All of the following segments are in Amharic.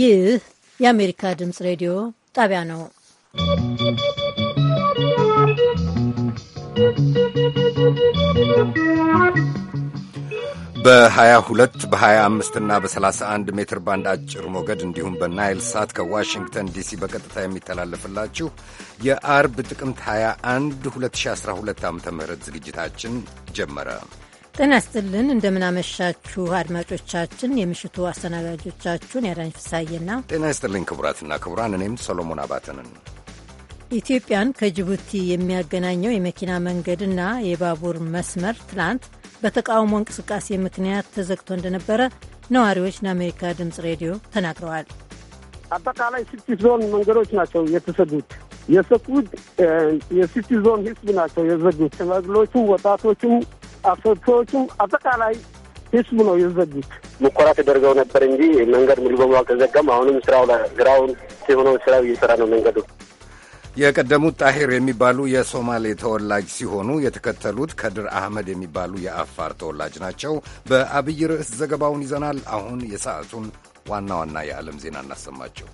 ይህ የአሜሪካ ድምፅ ሬዲዮ ጣቢያ ነው። በ22 በ25 እና በ31 ሜትር ባንድ አጭር ሞገድ እንዲሁም በናይል ሳት ከዋሽንግተን ዲሲ በቀጥታ የሚተላለፍላችሁ የአርብ ጥቅምት 21 2012 ዓ ም ዝግጅታችን ጀመረ። ጤና ይስጥልን እንደምናመሻችሁ አድማጮቻችን። የምሽቱ አስተናጋጆቻችሁን ያዳኝ ፍሳዬና ጤና ይስጥልኝ ክቡራትና ክቡራን፣ እኔም ሰሎሞን አባተንን። ኢትዮጵያን ከጅቡቲ የሚያገናኘው የመኪና መንገድና የባቡር መስመር ትላንት በተቃውሞ እንቅስቃሴ ምክንያት ተዘግቶ እንደነበረ ነዋሪዎች ለአሜሪካ ድምፅ ሬዲዮ ተናግረዋል። አጠቃላይ ሲቲ ዞን መንገዶች ናቸው የተሰዱት። የሰቁድ የሲቲ ዞን ህዝብ ናቸው የዘጉት። ሽማግሎቹ ወጣቶቹም አሰዎቹም አጠቃላይ ህዝቡ ነው የዘጉት። ሙከራ ተደርገው ነበር እንጂ መንገድ ሙሉ በሙሉ አልተዘጋም። አሁንም ስራው ስራውን የሆነው ስራው እየሰራ ነው መንገዱ። የቀደሙት ጣሂር የሚባሉ የሶማሌ ተወላጅ ሲሆኑ የተከተሉት ከድር አህመድ የሚባሉ የአፋር ተወላጅ ናቸው። በአብይ ርዕስ ዘገባውን ይዘናል። አሁን የሰዓቱን ዋና ዋና የዓለም ዜና እናሰማቸው።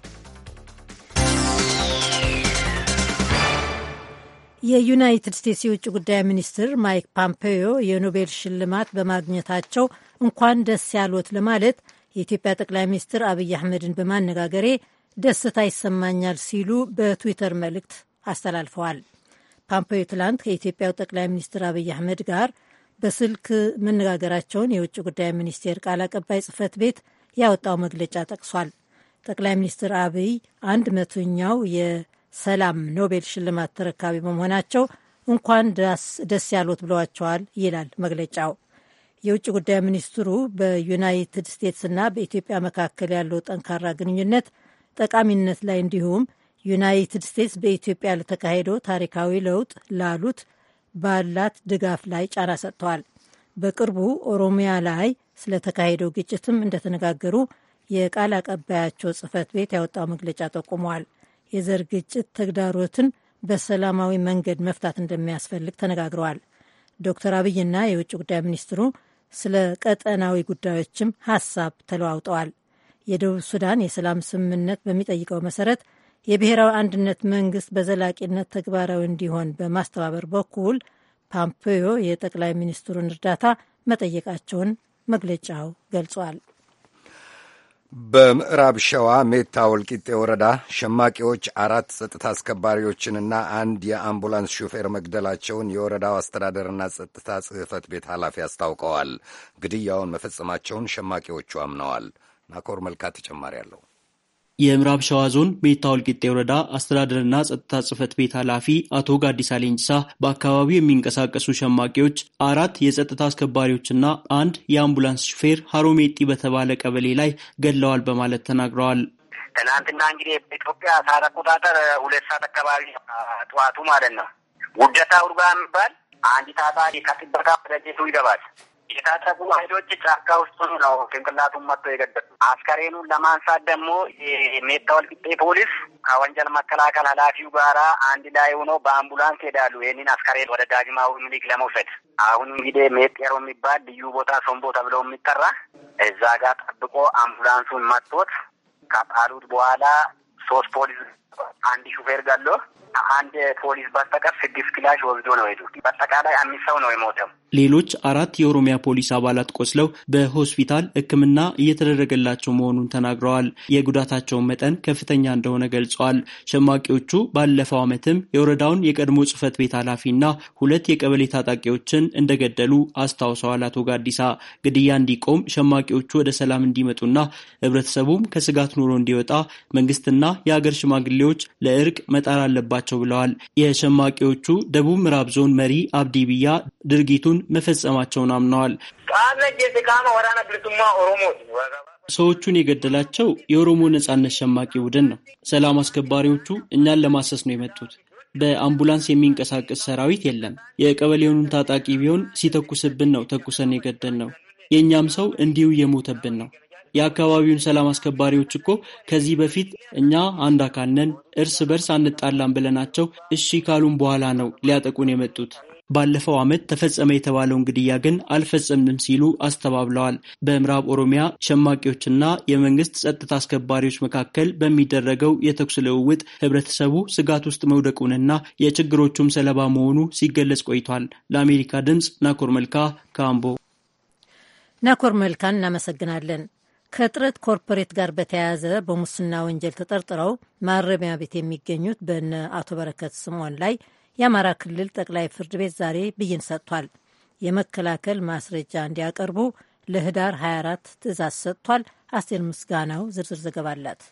የዩናይትድ ስቴትስ የውጭ ጉዳይ ሚኒስትር ማይክ ፓምፔዮ የኖቤል ሽልማት በማግኘታቸው እንኳን ደስ ያሉት ለማለት የኢትዮጵያ ጠቅላይ ሚኒስትር አብይ አህመድን በማነጋገሬ ደስታ ይሰማኛል ሲሉ በትዊተር መልእክት አስተላልፈዋል። ፓምፔዮ ትላንት ከኢትዮጵያው ጠቅላይ ሚኒስትር አብይ አህመድ ጋር በስልክ መነጋገራቸውን የውጭ ጉዳይ ሚኒስቴር ቃል አቀባይ ጽህፈት ቤት ያወጣው መግለጫ ጠቅሷል። ጠቅላይ ሚኒስትር አብይ አንድ መቶኛው ሰላም ኖቤል ሽልማት ተረካቢ በመሆናቸው እንኳን ደስ ያሉት ብለዋቸዋል ይላል መግለጫው። የውጭ ጉዳይ ሚኒስትሩ በዩናይትድ ስቴትስና በኢትዮጵያ መካከል ያለው ጠንካራ ግንኙነት ጠቃሚነት ላይ እንዲሁም ዩናይትድ ስቴትስ በኢትዮጵያ ለተካሄደው ታሪካዊ ለውጥ ላሉት ባላት ድጋፍ ላይ ጫና ሰጥተዋል። በቅርቡ ኦሮሚያ ላይ ስለተካሄደው ግጭትም እንደተነጋገሩ የቃል አቀባያቸው ጽህፈት ቤት ያወጣው መግለጫ ጠቁመዋል። የዘር ግጭት ተግዳሮትን በሰላማዊ መንገድ መፍታት እንደሚያስፈልግ ተነጋግረዋል። ዶክተር አብይና የውጭ ጉዳይ ሚኒስትሩ ስለ ቀጠናዊ ጉዳዮችም ሀሳብ ተለዋውጠዋል። የደቡብ ሱዳን የሰላም ስምምነት በሚጠይቀው መሰረት የብሔራዊ አንድነት መንግስት በዘላቂነት ተግባራዊ እንዲሆን በማስተባበር በኩል ፓምፔዮ የጠቅላይ ሚኒስትሩን እርዳታ መጠየቃቸውን መግለጫው ገልጿል። በምዕራብ ሸዋ ሜታ ወልቂጤ ወረዳ ሸማቂዎች አራት ጸጥታ አስከባሪዎችንና አንድ የአምቡላንስ ሹፌር መግደላቸውን የወረዳው አስተዳደርና ጸጥታ ጽሕፈት ቤት ኃላፊ አስታውቀዋል። ግድያውን መፈጸማቸውን ሸማቂዎቹ አምነዋል። ናኮር መልካ ተጨማሪ አለው። የምዕራብ ሸዋ ዞን ቤታ ወልቂጤ ወረዳ አስተዳደርና ጸጥታ ጽህፈት ቤት ኃላፊ አቶ ጋዲሳ ሌንጭሳ በአካባቢው የሚንቀሳቀሱ ሸማቂዎች አራት የጸጥታ አስከባሪዎችና አንድ የአምቡላንስ ሹፌር ሀሮሜጢ በተባለ ቀበሌ ላይ ገድለዋል በማለት ተናግረዋል። ትናንትና እንግዲህ በኢትዮጵያ ሰዓት አቆጣጠር ሁለት ሰዓት አካባቢ ጠዋቱ ማለት ነው ውደታ ውርጋ የሚባል አንድ ታጣሪ ከጥበቃ ወደ ይገባል። የታጠቁ ኃይሎች ጫካ ውስጡን ነው ጭንቅላቱን መጥቶ የገደሉ። አስከሬኑን ለማንሳት ደግሞ የሜታ ወልቂጤ ፖሊስ ከወንጀል መከላከል ኃላፊው ጋራ አንድ ላይ ሆኖ በአምቡላንስ ሄዳሉ ይህንን አስከሬን ወደ ዳግማዊ ምኒልክ ለመውሰድ። አሁን እንግዲህ ሜጤሮ የሚባል ልዩ ቦታ ሶምቦ ተብሎ የሚጠራ እዛ ጋር ጠብቆ አምቡላንሱን መጥቶት ከጣሉት በኋላ ሶስት ፖሊስ አንድ ሹፌር ጋለ አንድ ፖሊስ በስተቀር ስድስት ክላሽ ወስዶ ነው ሄዱ። በአጠቃላይ አምስት ሰው ነው የሞተው። ሌሎች አራት የኦሮሚያ ፖሊስ አባላት ቆስለው በሆስፒታል ሕክምና እየተደረገላቸው መሆኑን ተናግረዋል። የጉዳታቸውን መጠን ከፍተኛ እንደሆነ ገልጸዋል። ሸማቂዎቹ ባለፈው ዓመትም የወረዳውን የቀድሞ ጽህፈት ቤት ኃላፊና ሁለት የቀበሌ ታጣቂዎችን እንደገደሉ አስታውሰዋል። አቶ ጋዲሳ ግድያ እንዲቆም ሸማቂዎቹ ወደ ሰላም እንዲመጡና ህብረተሰቡም ከስጋት ኑሮ እንዲወጣ መንግስትና የአገር ሽማግሌዎች ለእርቅ መጣር አለባቸው ብለዋል። የሸማቂዎቹ ደቡብ ምዕራብ ዞን መሪ አብዲ ብያ ድርጊቱን መፈጸማቸውን አምነዋል። ሰዎቹን የገደላቸው የኦሮሞ ነጻነት ሸማቂ ቡድን ነው። ሰላም አስከባሪዎቹ እኛን ለማሰስ ነው የመጡት። በአምቡላንስ የሚንቀሳቀስ ሰራዊት የለም። የቀበሌውንም ታጣቂ ቢሆን ሲተኩስብን ነው ተኩሰን የገደል ነው። የእኛም ሰው እንዲሁ እየሞተብን ነው። የአካባቢውን ሰላም አስከባሪዎች እኮ ከዚህ በፊት እኛ አንድ አካል ነን፣ እርስ በርስ አንጣላም ብለናቸው እሺ ካሉን በኋላ ነው ሊያጠቁን የመጡት። ባለፈው ዓመት ተፈጸመ የተባለውን ግድያ ግን አልፈጸምንም ሲሉ አስተባብለዋል። በምዕራብ ኦሮሚያ ሸማቂዎችና የመንግስት ጸጥታ አስከባሪዎች መካከል በሚደረገው የተኩስ ልውውጥ ህብረተሰቡ ስጋት ውስጥ መውደቁንና የችግሮቹም ሰለባ መሆኑ ሲገለጽ ቆይቷል። ለአሜሪካ ድምፅ ናኮር መልካ ካምቦ። ናኮር መልካን እናመሰግናለን። ከጥረት ኮርፖሬት ጋር በተያያዘ በሙስና ወንጀል ተጠርጥረው ማረሚያ ቤት የሚገኙት በነ አቶ በረከት ስምዖን ላይ የአማራ ክልል ጠቅላይ ፍርድ ቤት ዛሬ ብይን ሰጥቷል። የመከላከል ማስረጃ እንዲያቀርቡ ለህዳር 24 ትእዛዝ ሰጥቷል። አስቴር ምስጋናው ዝርዝር ዘገባ አላት።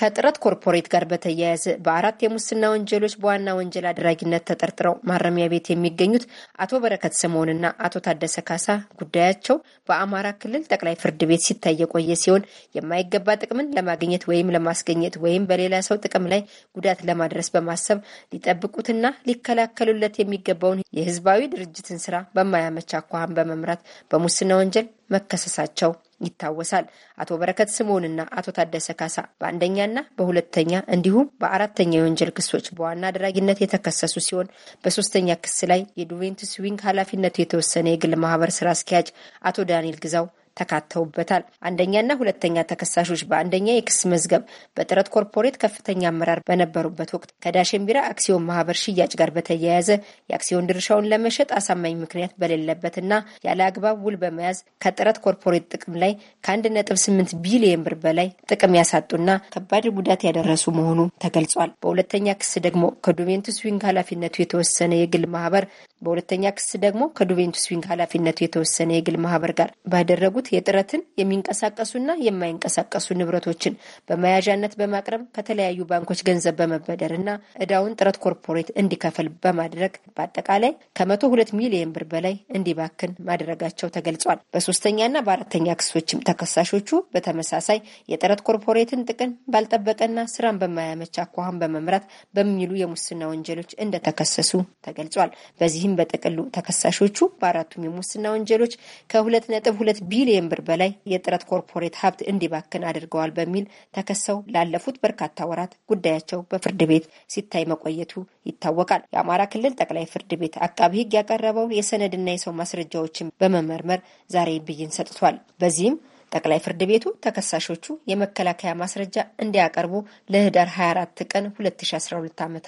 ከጥረት ኮርፖሬት ጋር በተያያዘ በአራት የሙስና ወንጀሎች በዋና ወንጀል አድራጊነት ተጠርጥረው ማረሚያ ቤት የሚገኙት አቶ በረከት ስምኦንና አቶ ታደሰ ካሳ ጉዳያቸው በአማራ ክልል ጠቅላይ ፍርድ ቤት ሲታይ የቆየ ሲሆን የማይገባ ጥቅምን ለማግኘት ወይም ለማስገኘት ወይም በሌላ ሰው ጥቅም ላይ ጉዳት ለማድረስ በማሰብ ሊጠብቁትና ሊከላከሉለት የሚገባውን የሕዝባዊ ድርጅትን ስራ በማያመች አኳኋን በመምራት በሙስና ወንጀል መከሰሳቸው ይታወሳል። አቶ በረከት ስምኦንና አቶ ታደሰ ካሳ በአንደኛና በሁለተኛ እንዲሁም በአራተኛ የወንጀል ክሶች በዋና አድራጊነት የተከሰሱ ሲሆን በሶስተኛ ክስ ላይ የዱቬንቱስ ዊንግ ኃላፊነቱ የተወሰነ የግል ማህበር ስራ አስኪያጅ አቶ ዳንኤል ግዛው ተካተውበታል። አንደኛና ሁለተኛ ተከሳሾች በአንደኛ የክስ መዝገብ በጥረት ኮርፖሬት ከፍተኛ አመራር በነበሩበት ወቅት ከዳሽን ቢራ አክሲዮን ማህበር ሽያጭ ጋር በተያያዘ የአክሲዮን ድርሻውን ለመሸጥ አሳማኝ ምክንያት በሌለበትና ያለ አግባብ ውል በመያዝ ከጥረት ኮርፖሬት ጥቅም ላይ ከ1.8 ቢሊየን ብር በላይ ጥቅም ያሳጡና ከባድ ጉዳት ያደረሱ መሆኑ ተገልጿል። በሁለተኛ ክስ ደግሞ ከዱቬንቱስ ዊንግ ኃላፊነቱ የተወሰነ የግል ማህበር በሁለተኛ ክስ ደግሞ ከዱቬንቱስ ዊንግ ኃላፊነቱ የተወሰነ የግል ማህበር ጋር ባደረጉት የሚያደርጉት የጥረትን የሚንቀሳቀሱና የማይንቀሳቀሱ ንብረቶችን በመያዣነት በማቅረብ ከተለያዩ ባንኮች ገንዘብ በመበደር እና እዳውን ጥረት ኮርፖሬት እንዲከፍል በማድረግ በአጠቃላይ ከመቶ ሁለት ሚሊዮን ብር በላይ እንዲባክን ማድረጋቸው ተገልጿል። በሶስተኛና በአራተኛ ክሶችም ተከሳሾቹ በተመሳሳይ የጥረት ኮርፖሬትን ጥቅም ባልጠበቀና ስራን በማያመች አኳኋን በመምራት በሚሉ የሙስና ወንጀሎች እንደተከሰሱ ተገልጿል። በዚህም በጥቅሉ ተከሳሾቹ በአራቱም የሙስና ወንጀሎች ከ ሁለት ቢሊዮን ከቢሊዮን ብር በላይ የጥረት ኮርፖሬት ሀብት እንዲባክን አድርገዋል በሚል ተከሰው ላለፉት በርካታ ወራት ጉዳያቸው በፍርድ ቤት ሲታይ መቆየቱ ይታወቃል። የአማራ ክልል ጠቅላይ ፍርድ ቤት አቃቢ ሕግ ያቀረበው የሰነድና የሰው ማስረጃዎችን በመመርመር ዛሬ ብይን ሰጥቷል። በዚህም ጠቅላይ ፍርድ ቤቱ ተከሳሾቹ የመከላከያ ማስረጃ እንዲያቀርቡ ለህዳር 24 ቀን 2012 ዓ ም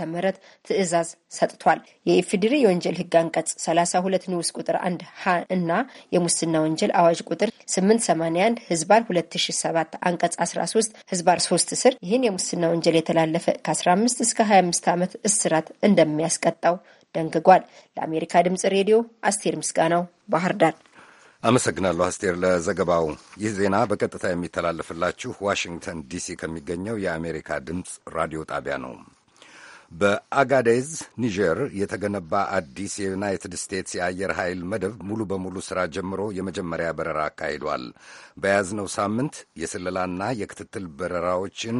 ትዕዛዝ ሰጥቷል። የኢፌዴሪ የወንጀል ህግ አንቀጽ 32 ንዑስ ቁጥር 1 ሀ እና የሙስና ወንጀል አዋጅ ቁጥር 881 ህዝባር 2007 አንቀጽ 13 ህዝባር 3 ስር ይህን የሙስና ወንጀል የተላለፈ ከ15 እስከ 25 ዓመት እስራት እንደሚያስቀጣው ደንግጓል። ለአሜሪካ ድምጽ ሬዲዮ አስቴር ምስጋናው ባህር ዳር አመሰግናለሁ አስቴር ለዘገባው። ይህ ዜና በቀጥታ የሚተላለፍላችሁ ዋሽንግተን ዲሲ ከሚገኘው የአሜሪካ ድምፅ ራዲዮ ጣቢያ ነው። በአጋዴዝ ኒጀር የተገነባ አዲስ የዩናይትድ ስቴትስ የአየር ኃይል መደብ ሙሉ በሙሉ ሥራ ጀምሮ የመጀመሪያ በረራ አካሂዷል። በያዝነው ሳምንት የስለላና የክትትል በረራዎችን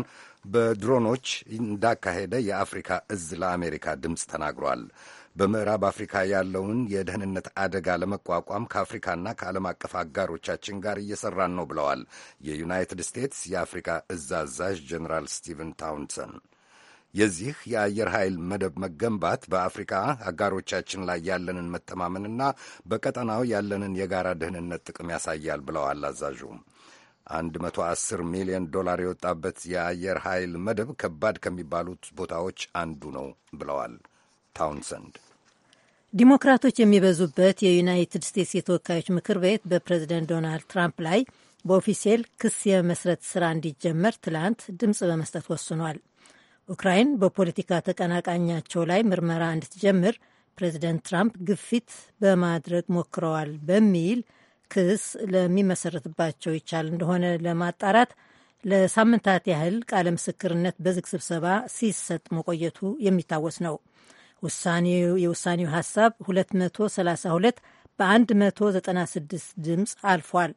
በድሮኖች እንዳካሄደ የአፍሪካ እዝ ለአሜሪካ ድምፅ ተናግሯል። በምዕራብ አፍሪካ ያለውን የደህንነት አደጋ ለመቋቋም ከአፍሪካና ከዓለም አቀፍ አጋሮቻችን ጋር እየሰራን ነው ብለዋል የዩናይትድ ስቴትስ የአፍሪካ እዝ አዛዥ ጀኔራል ስቲቨን ታውንሰን። የዚህ የአየር ኃይል መደብ መገንባት በአፍሪካ አጋሮቻችን ላይ ያለንን መተማመንና በቀጠናው ያለንን የጋራ ደህንነት ጥቅም ያሳያል ብለዋል አዛዡ። 110 ሚሊዮን ዶላር የወጣበት የአየር ኃይል መደብ ከባድ ከሚባሉት ቦታዎች አንዱ ነው ብለዋል ታውንሰንድ። ዲሞክራቶች የሚበዙበት የዩናይትድ ስቴትስ የተወካዮች ምክር ቤት በፕሬዝደንት ዶናልድ ትራምፕ ላይ በኦፊሴል ክስ የመስረት ስራ እንዲጀመር ትላንት ድምፅ በመስጠት ወስኗል። ኡክራይን በፖለቲካ ተቀናቃኛቸው ላይ ምርመራ እንድትጀምር ፕሬዚደንት ትራምፕ ግፊት በማድረግ ሞክረዋል በሚል ክስ ለሚመሰረትባቸው ይቻል እንደሆነ ለማጣራት ለሳምንታት ያህል ቃለ ምስክርነት በዝግ ስብሰባ ሲሰጥ መቆየቱ የሚታወስ ነው። የውሳኔው ሀሳብ 232 በ196 ድምፅ አልፏል።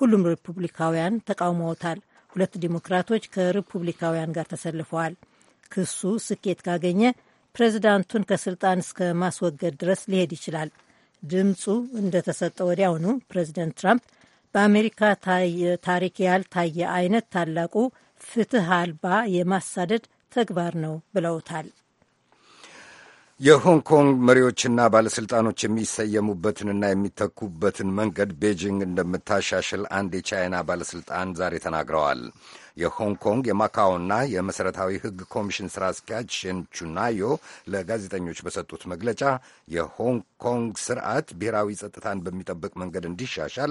ሁሉም ሪፑብሊካውያን ተቃውመውታል። ሁለት ዲሞክራቶች ከሪፑብሊካውያን ጋር ተሰልፈዋል። ክሱ ስኬት ካገኘ ፕሬዚዳንቱን ከስልጣን እስከ ማስወገድ ድረስ ሊሄድ ይችላል። ድምፁ እንደተሰጠ ወዲያውኑ ፕሬዚደንት ትራምፕ በአሜሪካ ታሪክ ያልታየ አይነት ታላቁ ፍትህ አልባ የማሳደድ ተግባር ነው ብለውታል። የሆንግ ኮንግ መሪዎችና ባለሥልጣኖች የሚሰየሙበትንና የሚተኩበትን መንገድ ቤጂንግ እንደምታሻሽል አንድ የቻይና ባለሥልጣን ዛሬ ተናግረዋል። የሆንግ ኮንግ የማካኦና የመሠረታዊ ሕግ ኮሚሽን ሥራ አስኪያጅ ሼን ቹናዮ ለጋዜጠኞች በሰጡት መግለጫ የሆንግ ኮንግ ስርዓት ብሔራዊ ጸጥታን በሚጠብቅ መንገድ እንዲሻሻል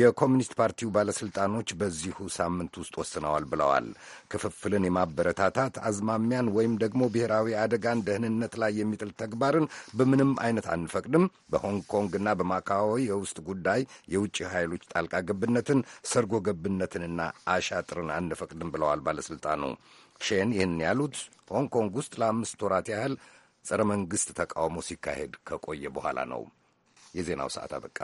የኮሚኒስት ፓርቲው ባለሥልጣኖች በዚሁ ሳምንት ውስጥ ወስነዋል ብለዋል። ክፍፍልን የማበረታታት አዝማሚያን ወይም ደግሞ ብሔራዊ አደጋን ደህንነት ላይ የሚጥል ተግባርን በምንም አይነት አንፈቅድም። በሆንግ ኮንግና በማካዎ የውስጥ ጉዳይ የውጭ ኃይሎች ጣልቃ ገብነትን፣ ሰርጎ ገብነትንና አሻጥርን አንፈቅድም ብለዋል ባለሥልጣኑ። ሼን ይህን ያሉት ሆንግ ኮንግ ውስጥ ለአምስት ወራት ያህል ጸረ መንግሥት ተቃውሞ ሲካሄድ ከቆየ በኋላ ነው። የዜናው ሰዓት አበቃ።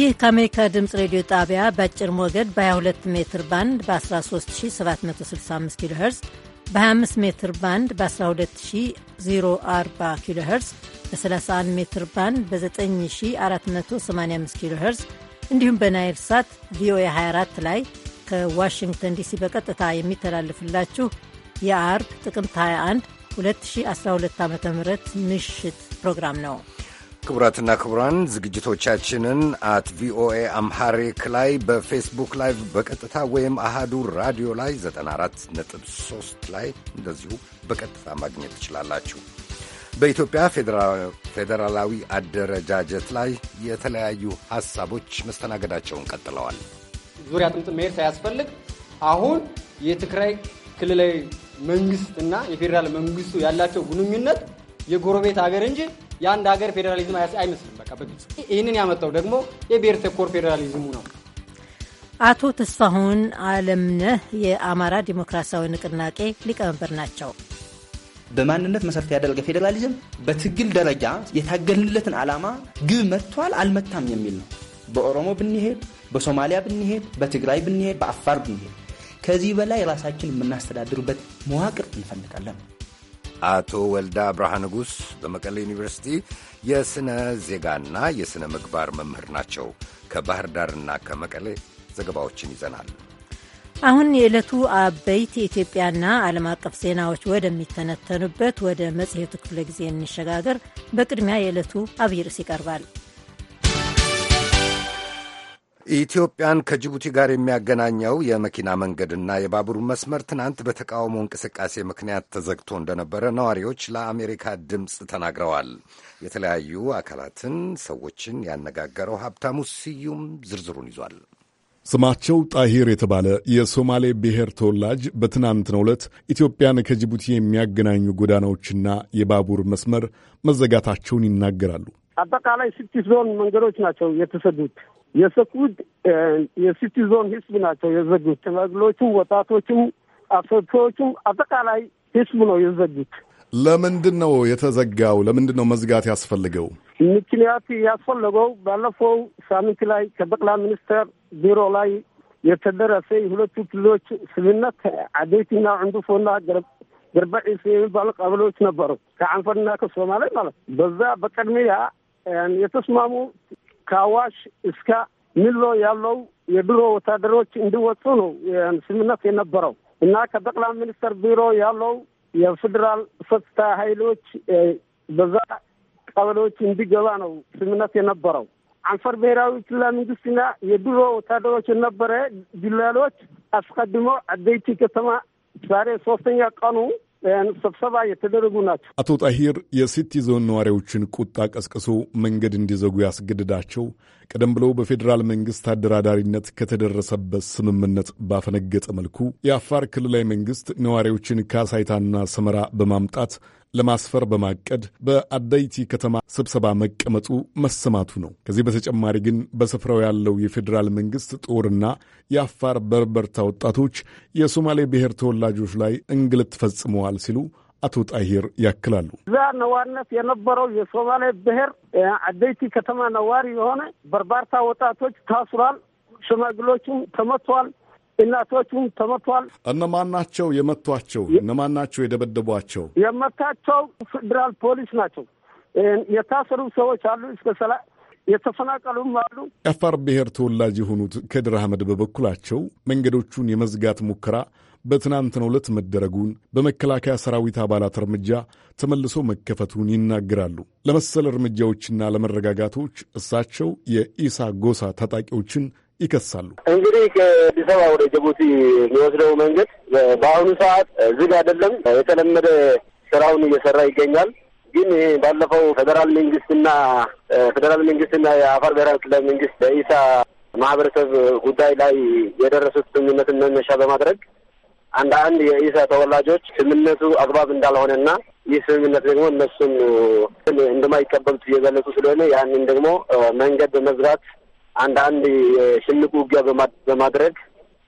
ይህ ከአሜሪካ ድምፅ ሬዲዮ ጣቢያ በአጭር ሞገድ በ22 ሜትር ባንድ በ13765 ኪሎ ሄርዝ በ25 ሜትር ባንድ በ12040 ኪሎ ሄርዝ በ31 ሜትር ባንድ በ9485 ኪሎ ሄርዝ እንዲሁም በናይል ሳት ቪኦኤ 24 ላይ ከዋሽንግተን ዲሲ በቀጥታ የሚተላልፍላችሁ የአርብ ጥቅምት 21 2012 ዓ ም ምሽት ፕሮግራም ነው። ክቡራትና ክቡራን ዝግጅቶቻችንን አት ቪኦኤ አምሃሪክ ላይ በፌስቡክ ላይቭ በቀጥታ ወይም አሃዱ ራዲዮ ላይ 94.3 ላይ እንደዚሁ በቀጥታ ማግኘት ትችላላችሁ። በኢትዮጵያ ፌዴራላዊ አደረጃጀት ላይ የተለያዩ ሀሳቦች መስተናገዳቸውን ቀጥለዋል። ዙሪያ ጥምጥም መሄድ ሳያስፈልግ አሁን የትግራይ ክልላዊ መንግስት እና የፌዴራል መንግስቱ ያላቸው ግንኙነት የጎረቤት ሀገር እንጂ የአንድ ሀገር ፌዴራሊዝም አይመስልም። በቃ በግልጽ ይህንን ያመጣው ደግሞ የብሔር ተኮር ፌዴራሊዝሙ ነው። አቶ ተስፋሁን አለምነህ የአማራ ዲሞክራሲያዊ ንቅናቄ ሊቀመንበር ናቸው። በማንነት መሰረት ያደረገ ፌዴራሊዝም በትግል ደረጃ የታገልንለትን ዓላማ ግብ መጥቷል አልመታም የሚል ነው። በኦሮሞ ብንሄድ፣ በሶማሊያ ብንሄድ፣ በትግራይ ብንሄድ፣ በአፋር ብንሄድ ከዚህ በላይ ራሳችን የምናስተዳድርበት መዋቅር እንፈልጋለን። አቶ ወልዳ አብርሃ ንጉሥ በመቀሌ ዩኒቨርሲቲ የሥነ ዜጋና የሥነ ምግባር መምህር ናቸው። ከባህር ዳርና ከመቀሌ ዘገባዎችን ይዘናል። አሁን የዕለቱ አበይት የኢትዮጵያና ዓለም አቀፍ ዜናዎች ወደሚተነተኑበት ወደ መጽሔቱ ክፍለ ጊዜ እንሸጋገር። በቅድሚያ የዕለቱ አብይ ርዕስ ይቀርባል። ኢትዮጵያን ከጅቡቲ ጋር የሚያገናኘው የመኪና መንገድና የባቡር መስመር ትናንት በተቃውሞ እንቅስቃሴ ምክንያት ተዘግቶ እንደነበረ ነዋሪዎች ለአሜሪካ ድምፅ ተናግረዋል። የተለያዩ አካላትን፣ ሰዎችን ያነጋገረው ሀብታሙ ስዩም ዝርዝሩን ይዟል። ስማቸው ጣሂር የተባለ የሶማሌ ብሔር ተወላጅ በትናንትናው ዕለት ኢትዮጵያን ከጅቡቲ የሚያገናኙ ጎዳናዎችና የባቡር መስመር መዘጋታቸውን ይናገራሉ። አጠቃላይ ሲቲ ዞን መንገዶች ናቸው የተሰዱት። የሰኩት የሲቲ ዞን ህዝብ ናቸው የዘጉት። ሽማግሎቹም፣ ወጣቶቹም፣ አሰብቶዎቹም አጠቃላይ ህዝብ ነው የዘጉት። ለምንድን ነው የተዘጋው? ለምንድን ነው መዝጋት ያስፈልገው? ምክንያት ያስፈለገው ባለፈው ሳምንት ላይ ከጠቅላይ ሚኒስትር ቢሮ ላይ የተደረሰ የሁለቱ ክልሎች ስምምነት አደይትና ዕንዱፎና ገርበ የሚባሉ ቀበሌዎች ነበሩ ከአንፈርና ከሶማሌ ማለት በዛ በቅድሚያ የተስማሙ ከአዋሽ እስከ ሚሎ ያለው የድሮ ወታደሮች እንዲወጡ ነው ስምምነት የነበረው እና ከጠቅላይ ሚኒስትር ቢሮ ያለው የፌዴራል ጸጥታ ኃይሎች በዛ ቀበሌዎች እንዲገባ ነው ስምምነት የነበረው። አንፈር ብሔራዊ ክልላዊ መንግስትና የድሮ ወታደሮች የነበረ ጅላሎች አስቀድሞ አደይቲ ከተማ ዛሬ ሶስተኛ ቀኑ ስብሰባ የተደረጉ ናቸው። አቶ ጣሂር የሲቲ ዞን ነዋሪዎችን ቁጣ ቀስቅሶ መንገድ እንዲዘጉ ያስገድዳቸው ቀደም ብሎ በፌዴራል መንግስት አደራዳሪነት ከተደረሰበት ስምምነት ባፈነገጠ መልኩ የአፋር ክልላዊ መንግስት ነዋሪዎችን ካሳይታና ሰመራ በማምጣት ለማስፈር በማቀድ በአዳይቲ ከተማ ስብሰባ መቀመጡ መሰማቱ ነው። ከዚህ በተጨማሪ ግን በስፍራው ያለው የፌዴራል መንግስት ጦርና የአፋር በርበርታ ወጣቶች የሶማሌ ብሔር ተወላጆች ላይ እንግልት ፈጽመዋል ሲሉ አቶ ጣሂር ያክላሉ። እዛ ነዋሪነት የነበረው የሶማሌ ብሔር አደይቲ ከተማ ነዋሪ የሆነ በርባርታ ወጣቶች ታስሯል። ሽማግሎቹም ተመቷል። እናቶቹም ተመቷል። እነማን ናቸው የመቷቸው? እነማን ናቸው የደበደቧቸው? የመታቸው ፌዴራል ፖሊስ ናቸው። የታሰሩ ሰዎች አሉ እስከ ሰላ የተፈናቀሉም አሉ። የአፋር ብሔር ተወላጅ የሆኑት ከድር አህመድ በበኩላቸው መንገዶቹን የመዝጋት ሙከራ በትናንትናው ዕለት መደረጉን በመከላከያ ሰራዊት አባላት እርምጃ ተመልሶ መከፈቱን ይናገራሉ። ለመሰል እርምጃዎችና ለመረጋጋቶች እሳቸው የኢሳ ጎሳ ታጣቂዎችን ይከሳሉ። እንግዲህ ከአዲስ አበባ ወደ ጅቡቲ የሚወስደው መንገድ በአሁኑ ሰዓት ዝግ አይደለም፣ የተለመደ ስራውን እየሰራ ይገኛል። ግን ባለፈው ፌዴራል መንግስትና ፌዴራል መንግስትና የአፋር ብሔራዊ ክልላዊ መንግስት በኢሳ ማህበረሰብ ጉዳይ ላይ የደረሱት ስምምነትን መነሻ በማድረግ አንዳንድ የኢሳ ተወላጆች ስምምነቱ አግባብ እንዳልሆነና ይህ ስምምነት ደግሞ እነሱም እንደማይቀበሉት እየገለጹ ስለሆነ ያንን ደግሞ መንገድ በመዝጋት አንዳንድ የሽምቅ ውጊያ በማድረግ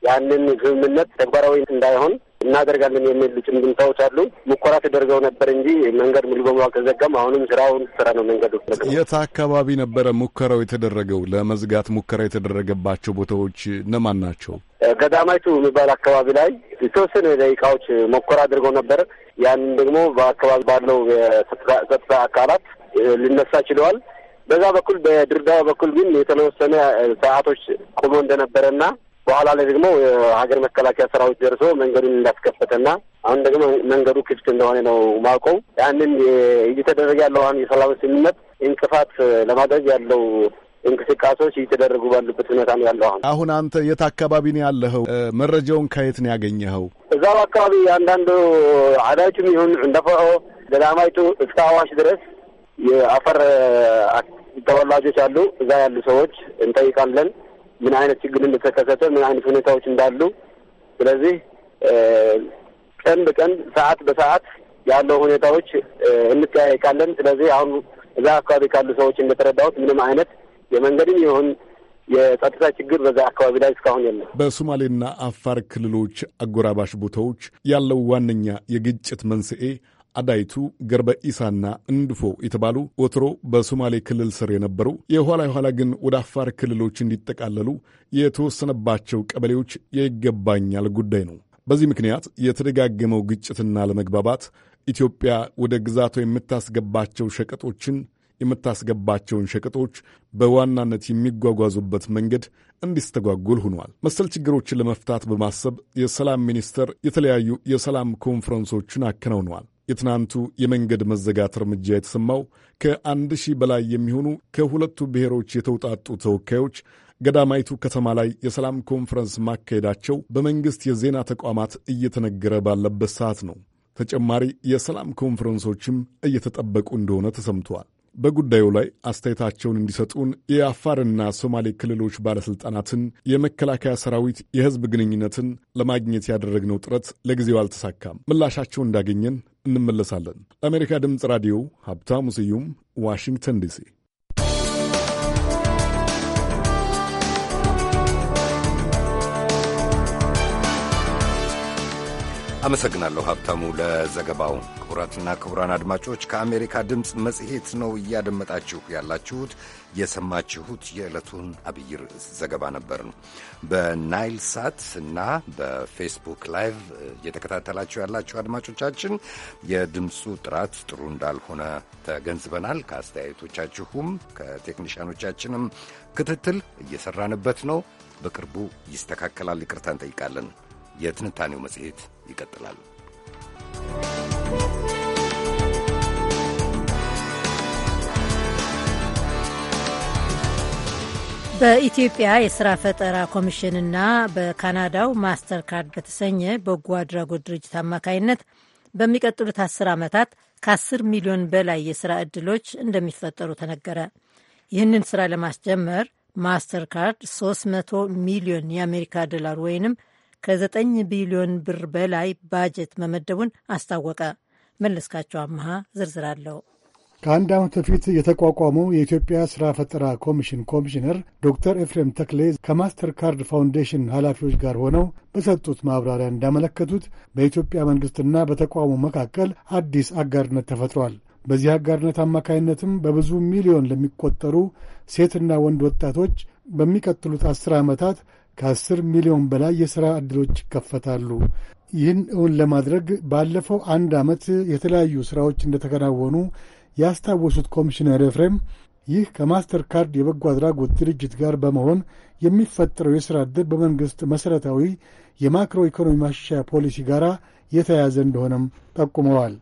ያንን ስምምነት ተግባራዊ እንዳይሆን እናደርጋለን የሚል ጭምጭምታዎች አሉ። ሙከራ ተደርገው ነበር እንጂ መንገድ ሙሉ በሙሉ አልተዘጋም። አሁንም ስራውን ስራ ነው። መንገዱ የት አካባቢ ነበረ ሙከራው የተደረገው? ለመዝጋት ሙከራ የተደረገባቸው ቦታዎች እነማን ናቸው? ገዳማይቱ የሚባል አካባቢ ላይ የተወሰነ ደቂቃዎች ሞከራ አድርገው ነበር። ያንን ደግሞ በአካባቢ ባለው የጸጥታ አካላት ሊነሳ ችለዋል። በዛ በኩል በድሬዳዋ በኩል ግን የተወሰነ ሰዓቶች ቆሞ እንደነበረና በኋላ ላይ ደግሞ የሀገር መከላከያ ሰራዊት ደርሶ መንገዱን እንዳስከፈተና አሁን ደግሞ መንገዱ ክፍት እንደሆነ ነው ማውቀው። ያንን እየተደረገ ያለው አሁን የሰላም ስምምነት እንቅፋት ለማድረግ ያለው እንቅስቃሴዎች እየተደረጉ ባሉበት ሁኔታ ነው ያለው። አሁን አሁን አንተ የት አካባቢ ነው ያለኸው? መረጃውን ከየት ነው ያገኘኸው? እዛው አካባቢ አንዳንዱ አዳጅም ይሁን እንደፈሆ ገዳማይቱ እስከ አዋሽ ድረስ የአፈር ተወላጆች አሉ። እዛ ያሉ ሰዎች እንጠይቃለን ምን አይነት ችግር እንደተከሰተ ምን አይነት ሁኔታዎች እንዳሉ። ስለዚህ ቀን በቀን ሰዓት በሰዓት ያለው ሁኔታዎች እንጠያይቃለን። ስለዚህ አሁን እዛ አካባቢ ካሉ ሰዎች እንደተረዳሁት ምንም አይነት የመንገድም ይሁን የጸጥታ ችግር በዛ አካባቢ ላይ እስካሁን የለም። በሶማሌና አፋር ክልሎች አጎራባሽ ቦታዎች ያለው ዋነኛ የግጭት መንስኤ አዳይቱ ገርበ ኢሳና እንድፎ የተባሉ ወትሮ በሶማሌ ክልል ስር የነበሩ የኋላ የኋላ ግን ወደ አፋር ክልሎች እንዲጠቃለሉ የተወሰነባቸው ቀበሌዎች የይገባኛል ጉዳይ ነው። በዚህ ምክንያት የተደጋገመው ግጭትና ለመግባባት ኢትዮጵያ ወደ ግዛቷ የምታስገባቸው ሸቀጦችን የምታስገባቸውን ሸቀጦች በዋናነት የሚጓጓዙበት መንገድ እንዲስተጓጎል ሆኗል። መሰል ችግሮችን ለመፍታት በማሰብ የሰላም ሚኒስቴር የተለያዩ የሰላም ኮንፈረንሶችን አከናውነዋል። የትናንቱ የመንገድ መዘጋት እርምጃ የተሰማው ከአንድ ሺህ በላይ የሚሆኑ ከሁለቱ ብሔሮች የተውጣጡ ተወካዮች ገዳማይቱ ከተማ ላይ የሰላም ኮንፈረንስ ማካሄዳቸው በመንግሥት የዜና ተቋማት እየተነገረ ባለበት ሰዓት ነው። ተጨማሪ የሰላም ኮንፈረንሶችም እየተጠበቁ እንደሆነ ተሰምተዋል። በጉዳዩ ላይ አስተያየታቸውን እንዲሰጡን የአፋርና ሶማሌ ክልሎች ባለሥልጣናትን፣ የመከላከያ ሰራዊት የሕዝብ ግንኙነትን ለማግኘት ያደረግነው ጥረት ለጊዜው አልተሳካም። ምላሻቸውን እንዳገኘን እንመለሳለን። ለአሜሪካ ድምፅ ራዲዮ ሀብታሙ ስዩም ዋሽንግተን ዲሲ አመሰግናለሁ ሀብታሙ ለዘገባው። ክቡራትና ክቡራን አድማጮች ከአሜሪካ ድምፅ መጽሔት ነው እያደመጣችሁ ያላችሁት። የሰማችሁት የዕለቱን አብይ ርዕስ ዘገባ ነበር። በናይል ሳት እና በፌስቡክ ላይቭ እየተከታተላችሁ ያላችሁ አድማጮቻችን የድምፁ ጥራት ጥሩ እንዳልሆነ ተገንዝበናል። ከአስተያየቶቻችሁም ከቴክኒሽያኖቻችንም ክትትል እየሰራንበት ነው። በቅርቡ ይስተካከላል። ይቅርታ እንጠይቃለን። የትንታኔው መጽሔት ይቀጥላል። በኢትዮጵያ የስራ ፈጠራ ኮሚሽንና በካናዳው ማስተር ካርድ በተሰኘ በጎ አድራጎት ድርጅት አማካይነት በሚቀጥሉት አስር ዓመታት ከአስር ሚሊዮን በላይ የስራ ዕድሎች እንደሚፈጠሩ ተነገረ። ይህንን ስራ ለማስጀመር ማስተር ካርድ 300 ሚሊዮን የአሜሪካ ዶላር ወይንም ከ9 ቢሊዮን ብር በላይ ባጀት መመደቡን አስታወቀ። መለስካቸው አመሃ ዝርዝር አለው። ከአንድ ዓመት በፊት የተቋቋመው የኢትዮጵያ ሥራ ፈጠራ ኮሚሽን ኮሚሽነር ዶክተር ኤፍሬም ተክሌ ከማስተር ካርድ ፋውንዴሽን ኃላፊዎች ጋር ሆነው በሰጡት ማብራሪያ እንዳመለከቱት በኢትዮጵያ መንግሥትና በተቋሙ መካከል አዲስ አጋርነት ተፈጥሯል። በዚህ አጋርነት አማካይነትም በብዙ ሚሊዮን ለሚቆጠሩ ሴትና ወንድ ወጣቶች በሚቀጥሉት አስር ዓመታት ከአስር ሚሊዮን በላይ የሥራ ዕድሎች ይከፈታሉ። ይህን እውን ለማድረግ ባለፈው አንድ ዓመት የተለያዩ ሥራዎች እንደተከናወኑ ያስታወሱት ኮሚሽነር ኤፍሬም ይህ ከማስተር ካርድ የበጎ አድራጎት ድርጅት ጋር በመሆን የሚፈጠረው የሥራ ዕድል በመንግሥት መሠረታዊ የማክሮ ኢኮኖሚ ማሻሻያ ፖሊሲ ጋር የተያያዘ እንደሆነም ጠቁመዋል።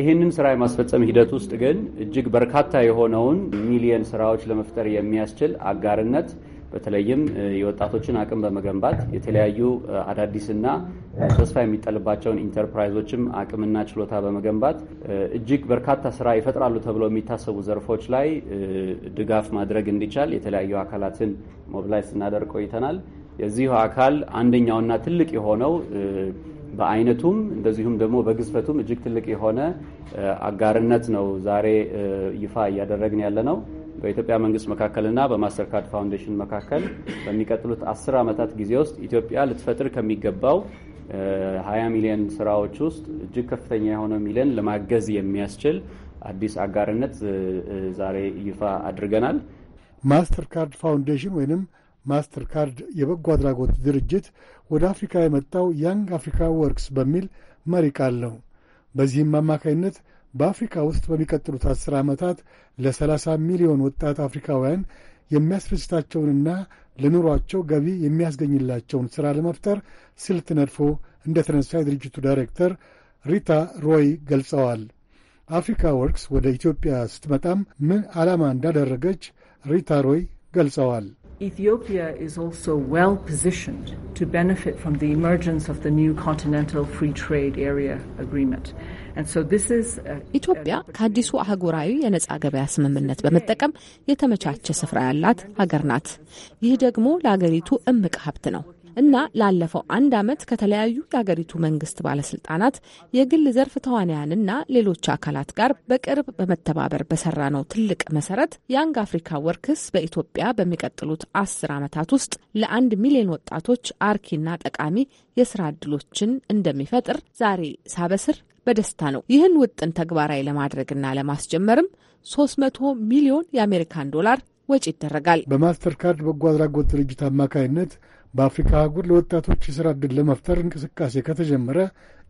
ይህንን ስራ የማስፈጸም ሂደት ውስጥ ግን እጅግ በርካታ የሆነውን ሚሊየን ስራዎች ለመፍጠር የሚያስችል አጋርነት በተለይም የወጣቶችን አቅም በመገንባት የተለያዩ አዳዲስና ተስፋ የሚጠልባቸውን ኢንተርፕራይዞችም አቅምና ችሎታ በመገንባት እጅግ በርካታ ስራ ይፈጥራሉ ተብሎ የሚታሰቡ ዘርፎች ላይ ድጋፍ ማድረግ እንዲቻል የተለያዩ አካላትን ሞብላይ ስናደርግ ቆይተናል። የዚሁ አካል አንደኛውና ትልቅ የሆነው በአይነቱም እንደዚሁም ደግሞ በግዝፈቱም እጅግ ትልቅ የሆነ አጋርነት ነው ዛሬ ይፋ እያደረግን ያለ ነው። በኢትዮጵያ መንግስት መካከልና በማስተርካርድ ፋውንዴሽን መካከል በሚቀጥሉት አስር ዓመታት ጊዜ ውስጥ ኢትዮጵያ ልትፈጥር ከሚገባው ሀያ ሚሊዮን ስራዎች ውስጥ እጅግ ከፍተኛ የሆነ ሚሊዮን ለማገዝ የሚያስችል አዲስ አጋርነት ዛሬ ይፋ አድርገናል። ማስተርካርድ ፋውንዴሽን ወይንም ማስተርካርድ የበጎ አድራጎት ድርጅት ወደ አፍሪካ የመጣው ያንግ አፍሪካ ወርክስ በሚል መሪ ቃል ነው። በዚህም አማካይነት በአፍሪካ ውስጥ በሚቀጥሉት አስር ዓመታት ለ30 ሚሊዮን ወጣት አፍሪካውያን የሚያስደስታቸውንና ለኑሯቸው ገቢ የሚያስገኝላቸውን ሥራ ለመፍጠር ስልት ነድፎ እንደ ተነሳ የድርጅቱ ዳይሬክተር ሪታ ሮይ ገልጸዋል። አፍሪካ ወርክስ ወደ ኢትዮጵያ ስትመጣም ምን ዓላማ እንዳደረገች ሪታ ሮይ ገልጸዋል። Ethiopia is also well positioned to benefit from the emergence of the new continental free trade area agreement. Uh, ኢትዮጵያ ከአዲሱ አህጉራዊ የነጻ ገበያ ስምምነት በመጠቀም የተመቻቸ ስፍራ ያላት ሀገር ናት። ይህ ደግሞ ለአገሪቱ እምቅ ሀብት ነው። እና ላለፈው አንድ ዓመት ከተለያዩ የአገሪቱ መንግስት ባለስልጣናት፣ የግል ዘርፍ ተዋንያንና ሌሎች አካላት ጋር በቅርብ በመተባበር በሰራ ነው ትልቅ መሰረት ያንግ አፍሪካ ወርክስ በኢትዮጵያ በሚቀጥሉት አስር ዓመታት ውስጥ ለአንድ ሚሊዮን ወጣቶች አርኪና ጠቃሚ የስራ እድሎችን እንደሚፈጥር ዛሬ ሳበስር በደስታ ነው። ይህን ውጥን ተግባራዊ ለማድረግና ለማስጀመርም 300 ሚሊዮን የአሜሪካን ዶላር ወጪ ይደረጋል። በማስተርካርድ ካርድ በጎ አድራጎት ድርጅት አማካይነት በአፍሪካ አህጉር ለወጣቶች የሥራ ዕድል ለመፍጠር እንቅስቃሴ ከተጀመረ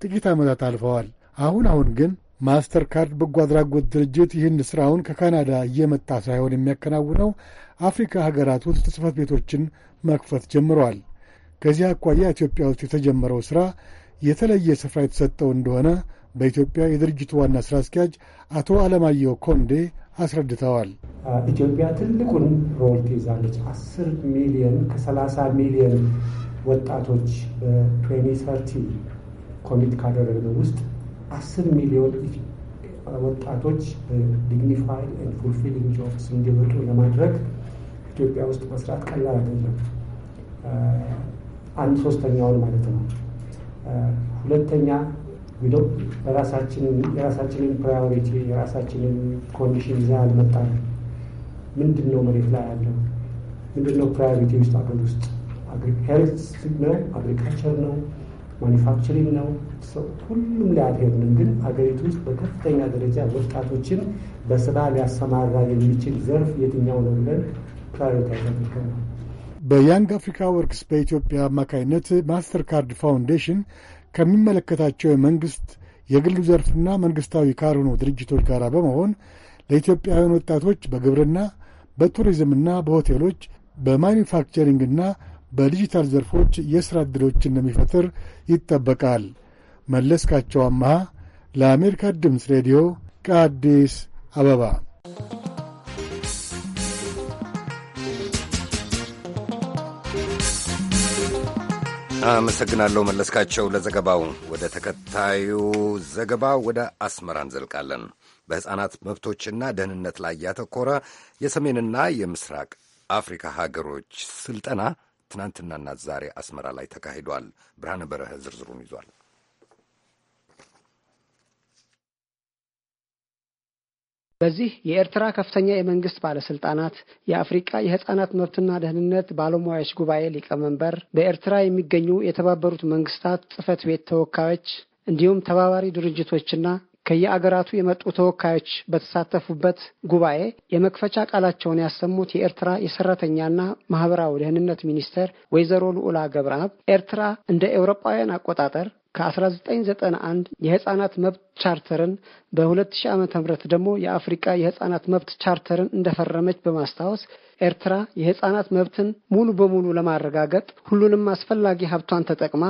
ጥቂት ዓመታት አልፈዋል። አሁን አሁን ግን ማስተር ካርድ በጎ አድራጎት ድርጅት ይህን ሥራውን ከካናዳ እየመጣ ሳይሆን የሚያከናውነው አፍሪካ ሀገራት ውስጥ ጽሕፈት ቤቶችን መክፈት ጀምረዋል። ከዚህ አኳያ ኢትዮጵያ ውስጥ የተጀመረው ሥራ የተለየ ስፍራ የተሰጠው እንደሆነ በኢትዮጵያ የድርጅቱ ዋና ሥራ አስኪያጅ አቶ አለማየሁ ኮንዴ አስረድተዋል። ኢትዮጵያ ትልቁን ሮል ትይዛለች። አስር ሚሊዮን ከሰላሳ ሚሊዮን ወጣቶች በ2030 ኮሚት ካደረግነው ውስጥ አስር ሚሊዮን ወጣቶች ዲግኒፋይድ ኤንድ ፉልፊሊንግ ጆብስ እንዲወጡ ለማድረግ ኢትዮጵያ ውስጥ መስራት ቀላል አይደለም። አንድ ሶስተኛውን ማለት ነው። ሁለተኛ ቢለው የራሳችንን ፕራዮሪቲ የራሳችንን ኮንዲሽን ይዛ አልመጣ ምንድን ነው መሬት ላይ ያለው? ምንድን ነው ፕራዮሪቲ ውስጥ አገር ውስጥ ሄልዝ ነው፣ አግሪካልቸር ነው፣ ማኒፋክቸሪንግ ነው። ሁሉም ላይ አልሄድንም፣ ግን አገሪቱ ውስጥ በከፍተኛ ደረጃ ወጣቶችን በስራ ሊያሰማራ የሚችል ዘርፍ የትኛው ነው ብለን ፕራዮሪቲ አይፈልገናል። በያንግ አፍሪካ ወርክስ በኢትዮጵያ አማካኝነት ማስተር ካርድ ፋውንዴሽን ከሚመለከታቸው የመንግሥት የግሉ ዘርፍና መንግሥታዊ ካልሆኑ ድርጅቶች ጋር በመሆን ለኢትዮጵያውያን ወጣቶች በግብርና፣ በቱሪዝምና በሆቴሎች በማኒፋክቸሪንግና በዲጂታል ዘርፎች የሥራ ዕድሎች እንደሚፈጥር ይጠበቃል። መለስካቸው አማሃ ለአሜሪካ ድምፅ ሬዲዮ ከአዲስ አበባ አመሰግናለሁ መለስካቸው ለዘገባው። ወደ ተከታዩ ዘገባ ወደ አስመራ እንዘልቃለን። በሕፃናት መብቶችና ደህንነት ላይ ያተኮረ የሰሜንና የምስራቅ አፍሪካ ሀገሮች ስልጠና ትናንትናና ዛሬ አስመራ ላይ ተካሂዷል። ብርሃነ በረሀ ዝርዝሩን ይዟል። በዚህ የኤርትራ ከፍተኛ የመንግስት ባለስልጣናት፣ የአፍሪቃ የህጻናት መብትና ደህንነት ባለሙያዎች ጉባኤ ሊቀመንበር፣ በኤርትራ የሚገኙ የተባበሩት መንግስታት ጽህፈት ቤት ተወካዮች እንዲሁም ተባባሪ ድርጅቶችና ከየአገራቱ የመጡ ተወካዮች በተሳተፉበት ጉባኤ የመክፈቻ ቃላቸውን ያሰሙት የኤርትራ የሰራተኛና ማህበራዊ ደህንነት ሚኒስተር ወይዘሮ ልዑላ ገብረአብ ኤርትራ እንደ ኤውሮጳውያን አቆጣጠር ከ1991 የህፃናት መብት ቻርተርን በ2000 ዓ ም ደግሞ የአፍሪቃ የህፃናት መብት ቻርተርን እንደፈረመች በማስታወስ ኤርትራ የህፃናት መብትን ሙሉ በሙሉ ለማረጋገጥ ሁሉንም አስፈላጊ ሀብቷን ተጠቅማ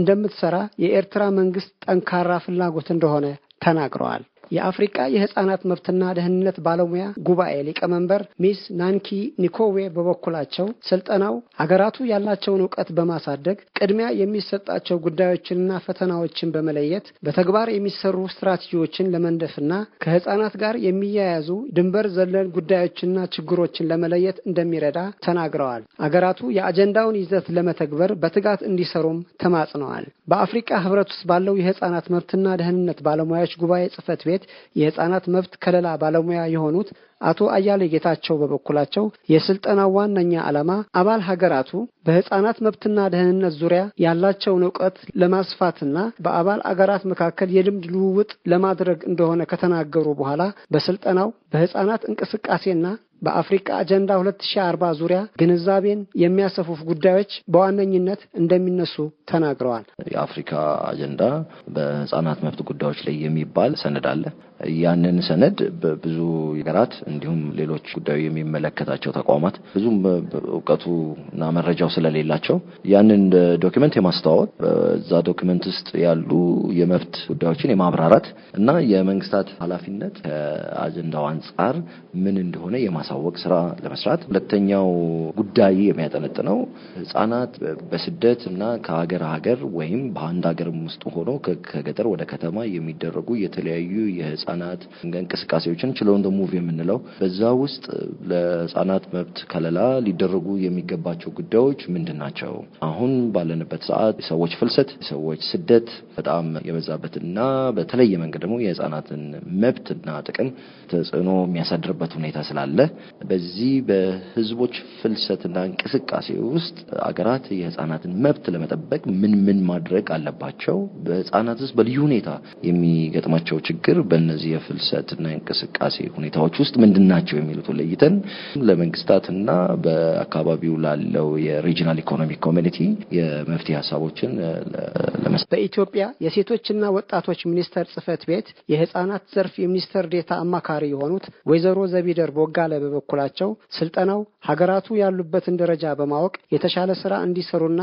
እንደምትሰራ የኤርትራ መንግስት ጠንካራ ፍላጎት እንደሆነ ተናግረዋል። የአፍሪቃ የህጻናት መብትና ደህንነት ባለሙያ ጉባኤ ሊቀመንበር ሚስ ናንኪ ኒኮዌ በበኩላቸው ስልጠናው አገራቱ ያላቸውን እውቀት በማሳደግ ቅድሚያ የሚሰጣቸው ጉዳዮችንና ፈተናዎችን በመለየት በተግባር የሚሰሩ ስትራቴጂዎችን ለመንደፍና ከህጻናት ጋር የሚያያዙ ድንበር ዘለል ጉዳዮችና ችግሮችን ለመለየት እንደሚረዳ ተናግረዋል። አገራቱ የአጀንዳውን ይዘት ለመተግበር በትጋት እንዲሰሩም ተማጽነዋል። በአፍሪቃ ህብረት ውስጥ ባለው የህጻናት መብትና ደህንነት ባለሙያዎች ጉባኤ ጽፈት ቤት ቤት የህፃናት መብት ከለላ ባለሙያ የሆኑት አቶ አያሌ ጌታቸው በበኩላቸው የስልጠናው ዋነኛ ዓላማ አባል ሀገራቱ በህፃናት መብትና ደህንነት ዙሪያ ያላቸውን እውቀት ለማስፋትና በአባል አገራት መካከል የልምድ ልውውጥ ለማድረግ እንደሆነ ከተናገሩ በኋላ በስልጠናው በህፃናት እንቅስቃሴና በአፍሪካ አጀንዳ 2040 ዙሪያ ግንዛቤን የሚያሰፉፍ ጉዳዮች በዋነኝነት እንደሚነሱ ተናግረዋል። የአፍሪካ አጀንዳ በህጻናት መብት ጉዳዮች ላይ የሚባል ሰነድ አለ። ያንን ሰነድ በብዙ ሀገራት እንዲሁም ሌሎች ጉዳዩ የሚመለከታቸው ተቋማት ብዙም እና መረጃው ስለሌላቸው ያንን ዶኪመንት የማስተዋወቅ በዛ ዶኪመንት ውስጥ ያሉ የመብት ጉዳዮችን የማብራራት እና የመንግስታት ኃላፊነት ከአጀንዳው አንጻር ምን እንደሆነ የማሳወቅ ስራ ለመስራት። ሁለተኛው ጉዳይ የሚያጠነጥነው ህጻናት በስደት እና ከሀገር ሀገር ወይም በአንድ ሀገር ውስጥ ሆኖ ከገጠር ወደ ከተማ የሚደረጉ የተለያዩ የህጻናት እንቅስቃሴዎችን ችለውን ሙቭ የምንለው ያለው። በዛ ውስጥ ለህጻናት መብት ከለላ ሊደረጉ የሚገባቸው ጉዳዮች ምንድን ናቸው? አሁን ባለንበት ሰዓት የሰዎች ፍልሰት፣ የሰዎች ስደት በጣም የበዛበት እና በተለየ መንገድ ደግሞ የህጻናትን መብትና ጥቅም ተጽዕኖ የሚያሳድርበት ሁኔታ ስላለ በዚህ በህዝቦች ፍልሰትና እንቅስቃሴ ውስጥ አገራት የህጻናትን መብት ለመጠበቅ ምን ምን ማድረግ አለባቸው? በህጻናት ውስጥ በልዩ ሁኔታ የሚገጥማቸው ችግር በእነዚህ የፍልሰትና እንቅስቃሴ ሁኔታዎች ውስጥ ምንድን ናቸው የሚሉት ለይተን ለመንግስታትና በአካባቢው ላለው የሪጅናል ኢኮኖሚክ ኮሚኒቲ የመፍትሄ ሀሳቦችን ለመስጠት በኢትዮጵያ የሴቶችና ወጣቶች ሚኒስቴር ጽህፈት ቤት የህጻናት ዘርፍ የሚኒስትር ዴታ አማካሪ የሆኑት ወይዘሮ ዘቢደር ቦጋለ በበኩላቸው ስልጠናው ሀገራቱ ያሉበትን ደረጃ በማወቅ የተሻለ ስራ እንዲሰሩና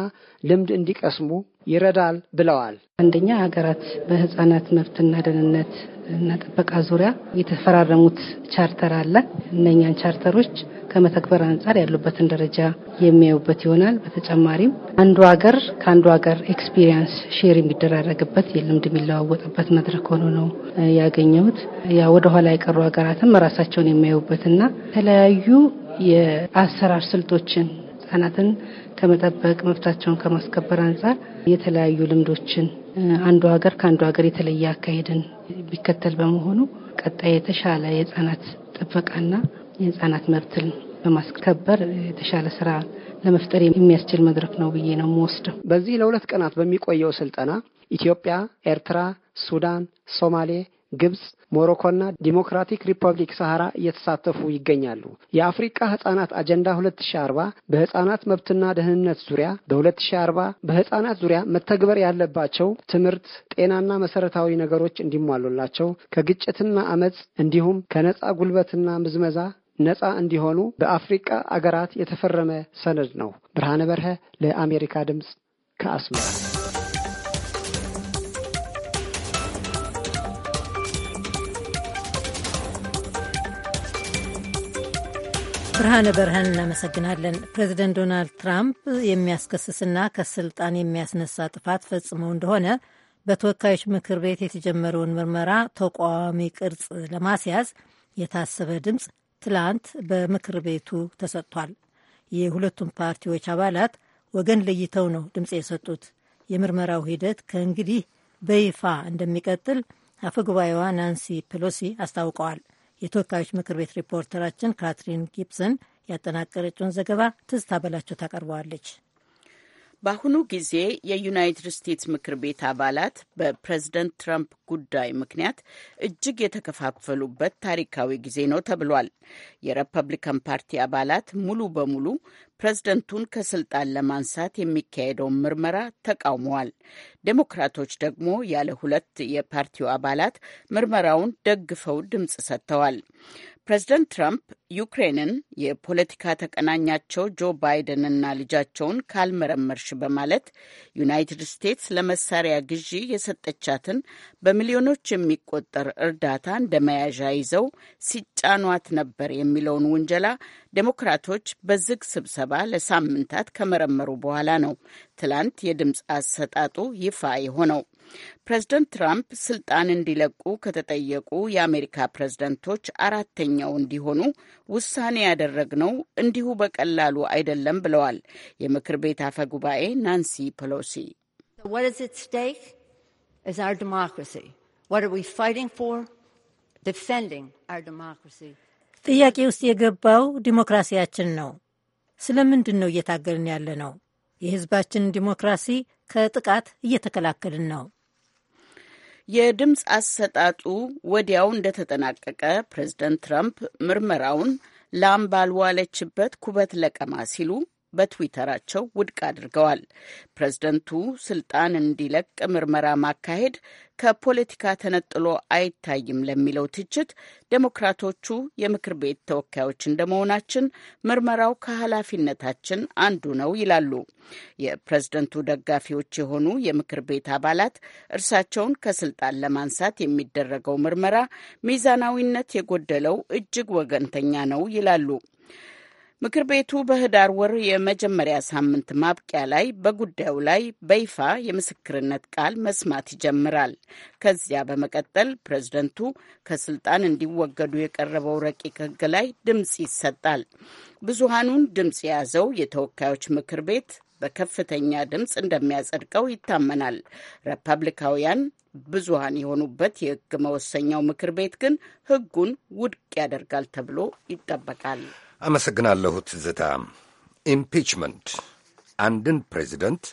ልምድ እንዲቀስሙ ይረዳል ብለዋል። አንደኛ ሀገራት በህጻናት መብትና ደህንነት እና ጥበቃ ዙሪያ የተፈራረሙት ቻርተር አለ። እነኛን ቻርተሮች ከመተግበር አንጻር ያሉበትን ደረጃ የሚያዩበት ይሆናል። በተጨማሪም አንዱ ሀገር ከአንዱ ሀገር ኤክስፒሪየንስ ሼር የሚደራረግበት የልምድ የሚለዋወጥበት መድረክ ሆኖ ነው ያገኘሁት። ያ ወደኋላ የቀሩ ሀገራትም ራሳቸውን የሚያዩበትና የተለያዩ የአሰራር ስልቶችን ህጻናትን ከመጠበቅ መብታቸውን ከማስከበር አንጻር የተለያዩ ልምዶችን አንዱ ሀገር ከአንዱ ሀገር የተለየ አካሄድን የሚከተል በመሆኑ ቀጣይ የተሻለ የህጻናት ጥበቃና የህጻናት መብትን በማስከበር የተሻለ ስራ ለመፍጠር የሚያስችል መድረክ ነው ብዬ ነው የምወስደው። በዚህ ለሁለት ቀናት በሚቆየው ስልጠና ኢትዮጵያ፣ ኤርትራ፣ ሱዳን፣ ሶማሌ ግብጽ፣ ሞሮኮና ዲሞክራቲክ ሪፐብሊክ ሰሃራ እየተሳተፉ ይገኛሉ። የአፍሪቃ ህጻናት አጀንዳ 2040 በህጻናት መብትና ደህንነት ዙሪያ በ2040 በህጻናት ዙሪያ መተግበር ያለባቸው ትምህርት፣ ጤናና መሰረታዊ ነገሮች እንዲሟሉላቸው ከግጭትና አመፅ እንዲሁም ከነፃ ጉልበትና ምዝመዛ ነፃ እንዲሆኑ በአፍሪቃ አገራት የተፈረመ ሰነድ ነው። ብርሃነ በርሀ ለአሜሪካ ድምፅ ከአስመራ ብርሃነ በርሃን እናመሰግናለን። ፕሬዚደንት ዶናልድ ትራምፕ የሚያስከስስና ከስልጣን የሚያስነሳ ጥፋት ፈጽመው እንደሆነ በተወካዮች ምክር ቤት የተጀመረውን ምርመራ ተቋሚ ቅርጽ ለማስያዝ የታሰበ ድምፅ ትላንት በምክር ቤቱ ተሰጥቷል። የሁለቱም ፓርቲዎች አባላት ወገን ለይተው ነው ድምፅ የሰጡት። የምርመራው ሂደት ከእንግዲህ በይፋ እንደሚቀጥል አፈጉባኤዋ ናንሲ ፔሎሲ አስታውቀዋል። የተወካዮች ምክር ቤት ሪፖርተራችን ካትሪን ጊብሰን ያጠናቀረችውን ዘገባ ትዝታ በላቸው ታቀርበዋለች። በአሁኑ ጊዜ የዩናይትድ ስቴትስ ምክር ቤት አባላት በፕሬዝደንት ትራምፕ ጉዳይ ምክንያት እጅግ የተከፋፈሉበት ታሪካዊ ጊዜ ነው ተብሏል። የሪፐብሊካን ፓርቲ አባላት ሙሉ በሙሉ ፕሬዝደንቱን ከስልጣን ለማንሳት የሚካሄደውን ምርመራ ተቃውመዋል። ዴሞክራቶች ደግሞ ያለ ሁለት የፓርቲው አባላት ምርመራውን ደግፈው ድምፅ ሰጥተዋል። ፕሬዝደንት ትራምፕ ዩክሬንን የፖለቲካ ተቀናኛቸው ጆ ባይደንና ልጃቸውን ካልመረመርሽ በማለት ዩናይትድ ስቴትስ ለመሳሪያ ግዢ የሰጠቻትን በሚሊዮኖች የሚቆጠር እርዳታ እንደ መያዣ ይዘው ሲጫኗት ነበር የሚለውን ውንጀላ ዴሞክራቶች በዝግ ስብሰባ ለሳምንታት ከመረመሩ በኋላ ነው ትላንት የድምፅ አሰጣጡ ይፋ የሆነው። ፕሬዝደንት ትራምፕ ስልጣን እንዲለቁ ከተጠየቁ የአሜሪካ ፕሬዝደንቶች አራተኛው እንዲሆኑ ውሳኔ ያደረግነው እንዲሁ በቀላሉ አይደለም ብለዋል የምክር ቤት አፈ ጉባኤ ናንሲ ፔሎሲ። ጥያቄ ውስጥ የገባው ዲሞክራሲያችን ነው። ስለምንድን ነው እየታገልን ያለ ነው? የህዝባችንን ዲሞክራሲ ከጥቃት እየተከላከልን ነው። የድምፅ አሰጣጡ ወዲያው እንደተጠናቀቀ ፕሬዝደንት ትራምፕ ምርመራውን ላም ባልዋለችበት ኩበት ለቀማ ሲሉ በትዊተራቸው ውድቅ አድርገዋል። ፕሬዝደንቱ ስልጣን እንዲለቅ ምርመራ ማካሄድ ከፖለቲካ ተነጥሎ አይታይም ለሚለው ትችት ዴሞክራቶቹ የምክር ቤት ተወካዮች እንደመሆናችን ምርመራው ከኃላፊነታችን አንዱ ነው ይላሉ። የፕሬዝደንቱ ደጋፊዎች የሆኑ የምክር ቤት አባላት እርሳቸውን ከስልጣን ለማንሳት የሚደረገው ምርመራ ሚዛናዊነት የጎደለው እጅግ ወገንተኛ ነው ይላሉ። ምክር ቤቱ በህዳር ወር የመጀመሪያ ሳምንት ማብቂያ ላይ በጉዳዩ ላይ በይፋ የምስክርነት ቃል መስማት ይጀምራል። ከዚያ በመቀጠል ፕሬዝደንቱ ከስልጣን እንዲወገዱ የቀረበው ረቂቅ ህግ ላይ ድምፅ ይሰጣል። ብዙሃኑን ድምፅ የያዘው የተወካዮች ምክር ቤት በከፍተኛ ድምፅ እንደሚያጸድቀው ይታመናል። ሪፐብሊካውያን ብዙሃን የሆኑበት የህግ መወሰኛው ምክር ቤት ግን ህጉን ውድቅ ያደርጋል ተብሎ ይጠበቃል። አመሰግናለሁ ትዝታ። ኢምፒችመንት አንድን ፕሬዚደንት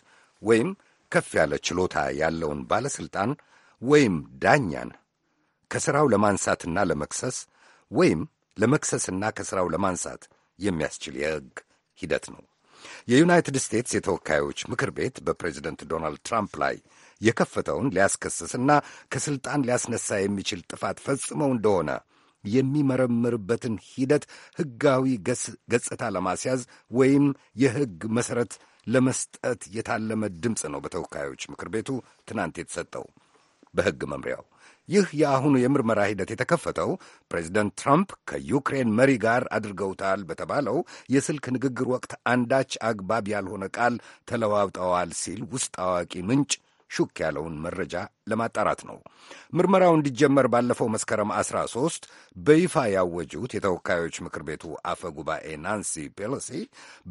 ወይም ከፍ ያለ ችሎታ ያለውን ባለሥልጣን ወይም ዳኛን ከሥራው ለማንሳትና ለመክሰስ ወይም ለመክሰስና ከሥራው ለማንሳት የሚያስችል የሕግ ሂደት ነው። የዩናይትድ ስቴትስ የተወካዮች ምክር ቤት በፕሬዚደንት ዶናልድ ትራምፕ ላይ የከፈተውን ሊያስከስስና ከሥልጣን ሊያስነሳ የሚችል ጥፋት ፈጽመው እንደሆነ የሚመረምርበትን ሂደት ሕጋዊ ገጽታ ለማስያዝ ወይም የሕግ መሠረት ለመስጠት የታለመ ድምፅ ነው በተወካዮች ምክር ቤቱ ትናንት የተሰጠው በሕግ መምሪያው። ይህ የአሁኑ የምርመራ ሂደት የተከፈተው ፕሬዚደንት ትራምፕ ከዩክሬን መሪ ጋር አድርገውታል በተባለው የስልክ ንግግር ወቅት አንዳች አግባብ ያልሆነ ቃል ተለዋውጠዋል ሲል ውስጥ አዋቂ ምንጭ ሹክ ያለውን መረጃ ለማጣራት ነው። ምርመራው እንዲጀመር ባለፈው መስከረም 13 በይፋ ያወጁት የተወካዮች ምክር ቤቱ አፈ ጉባኤ ናንሲ ፔሎሲ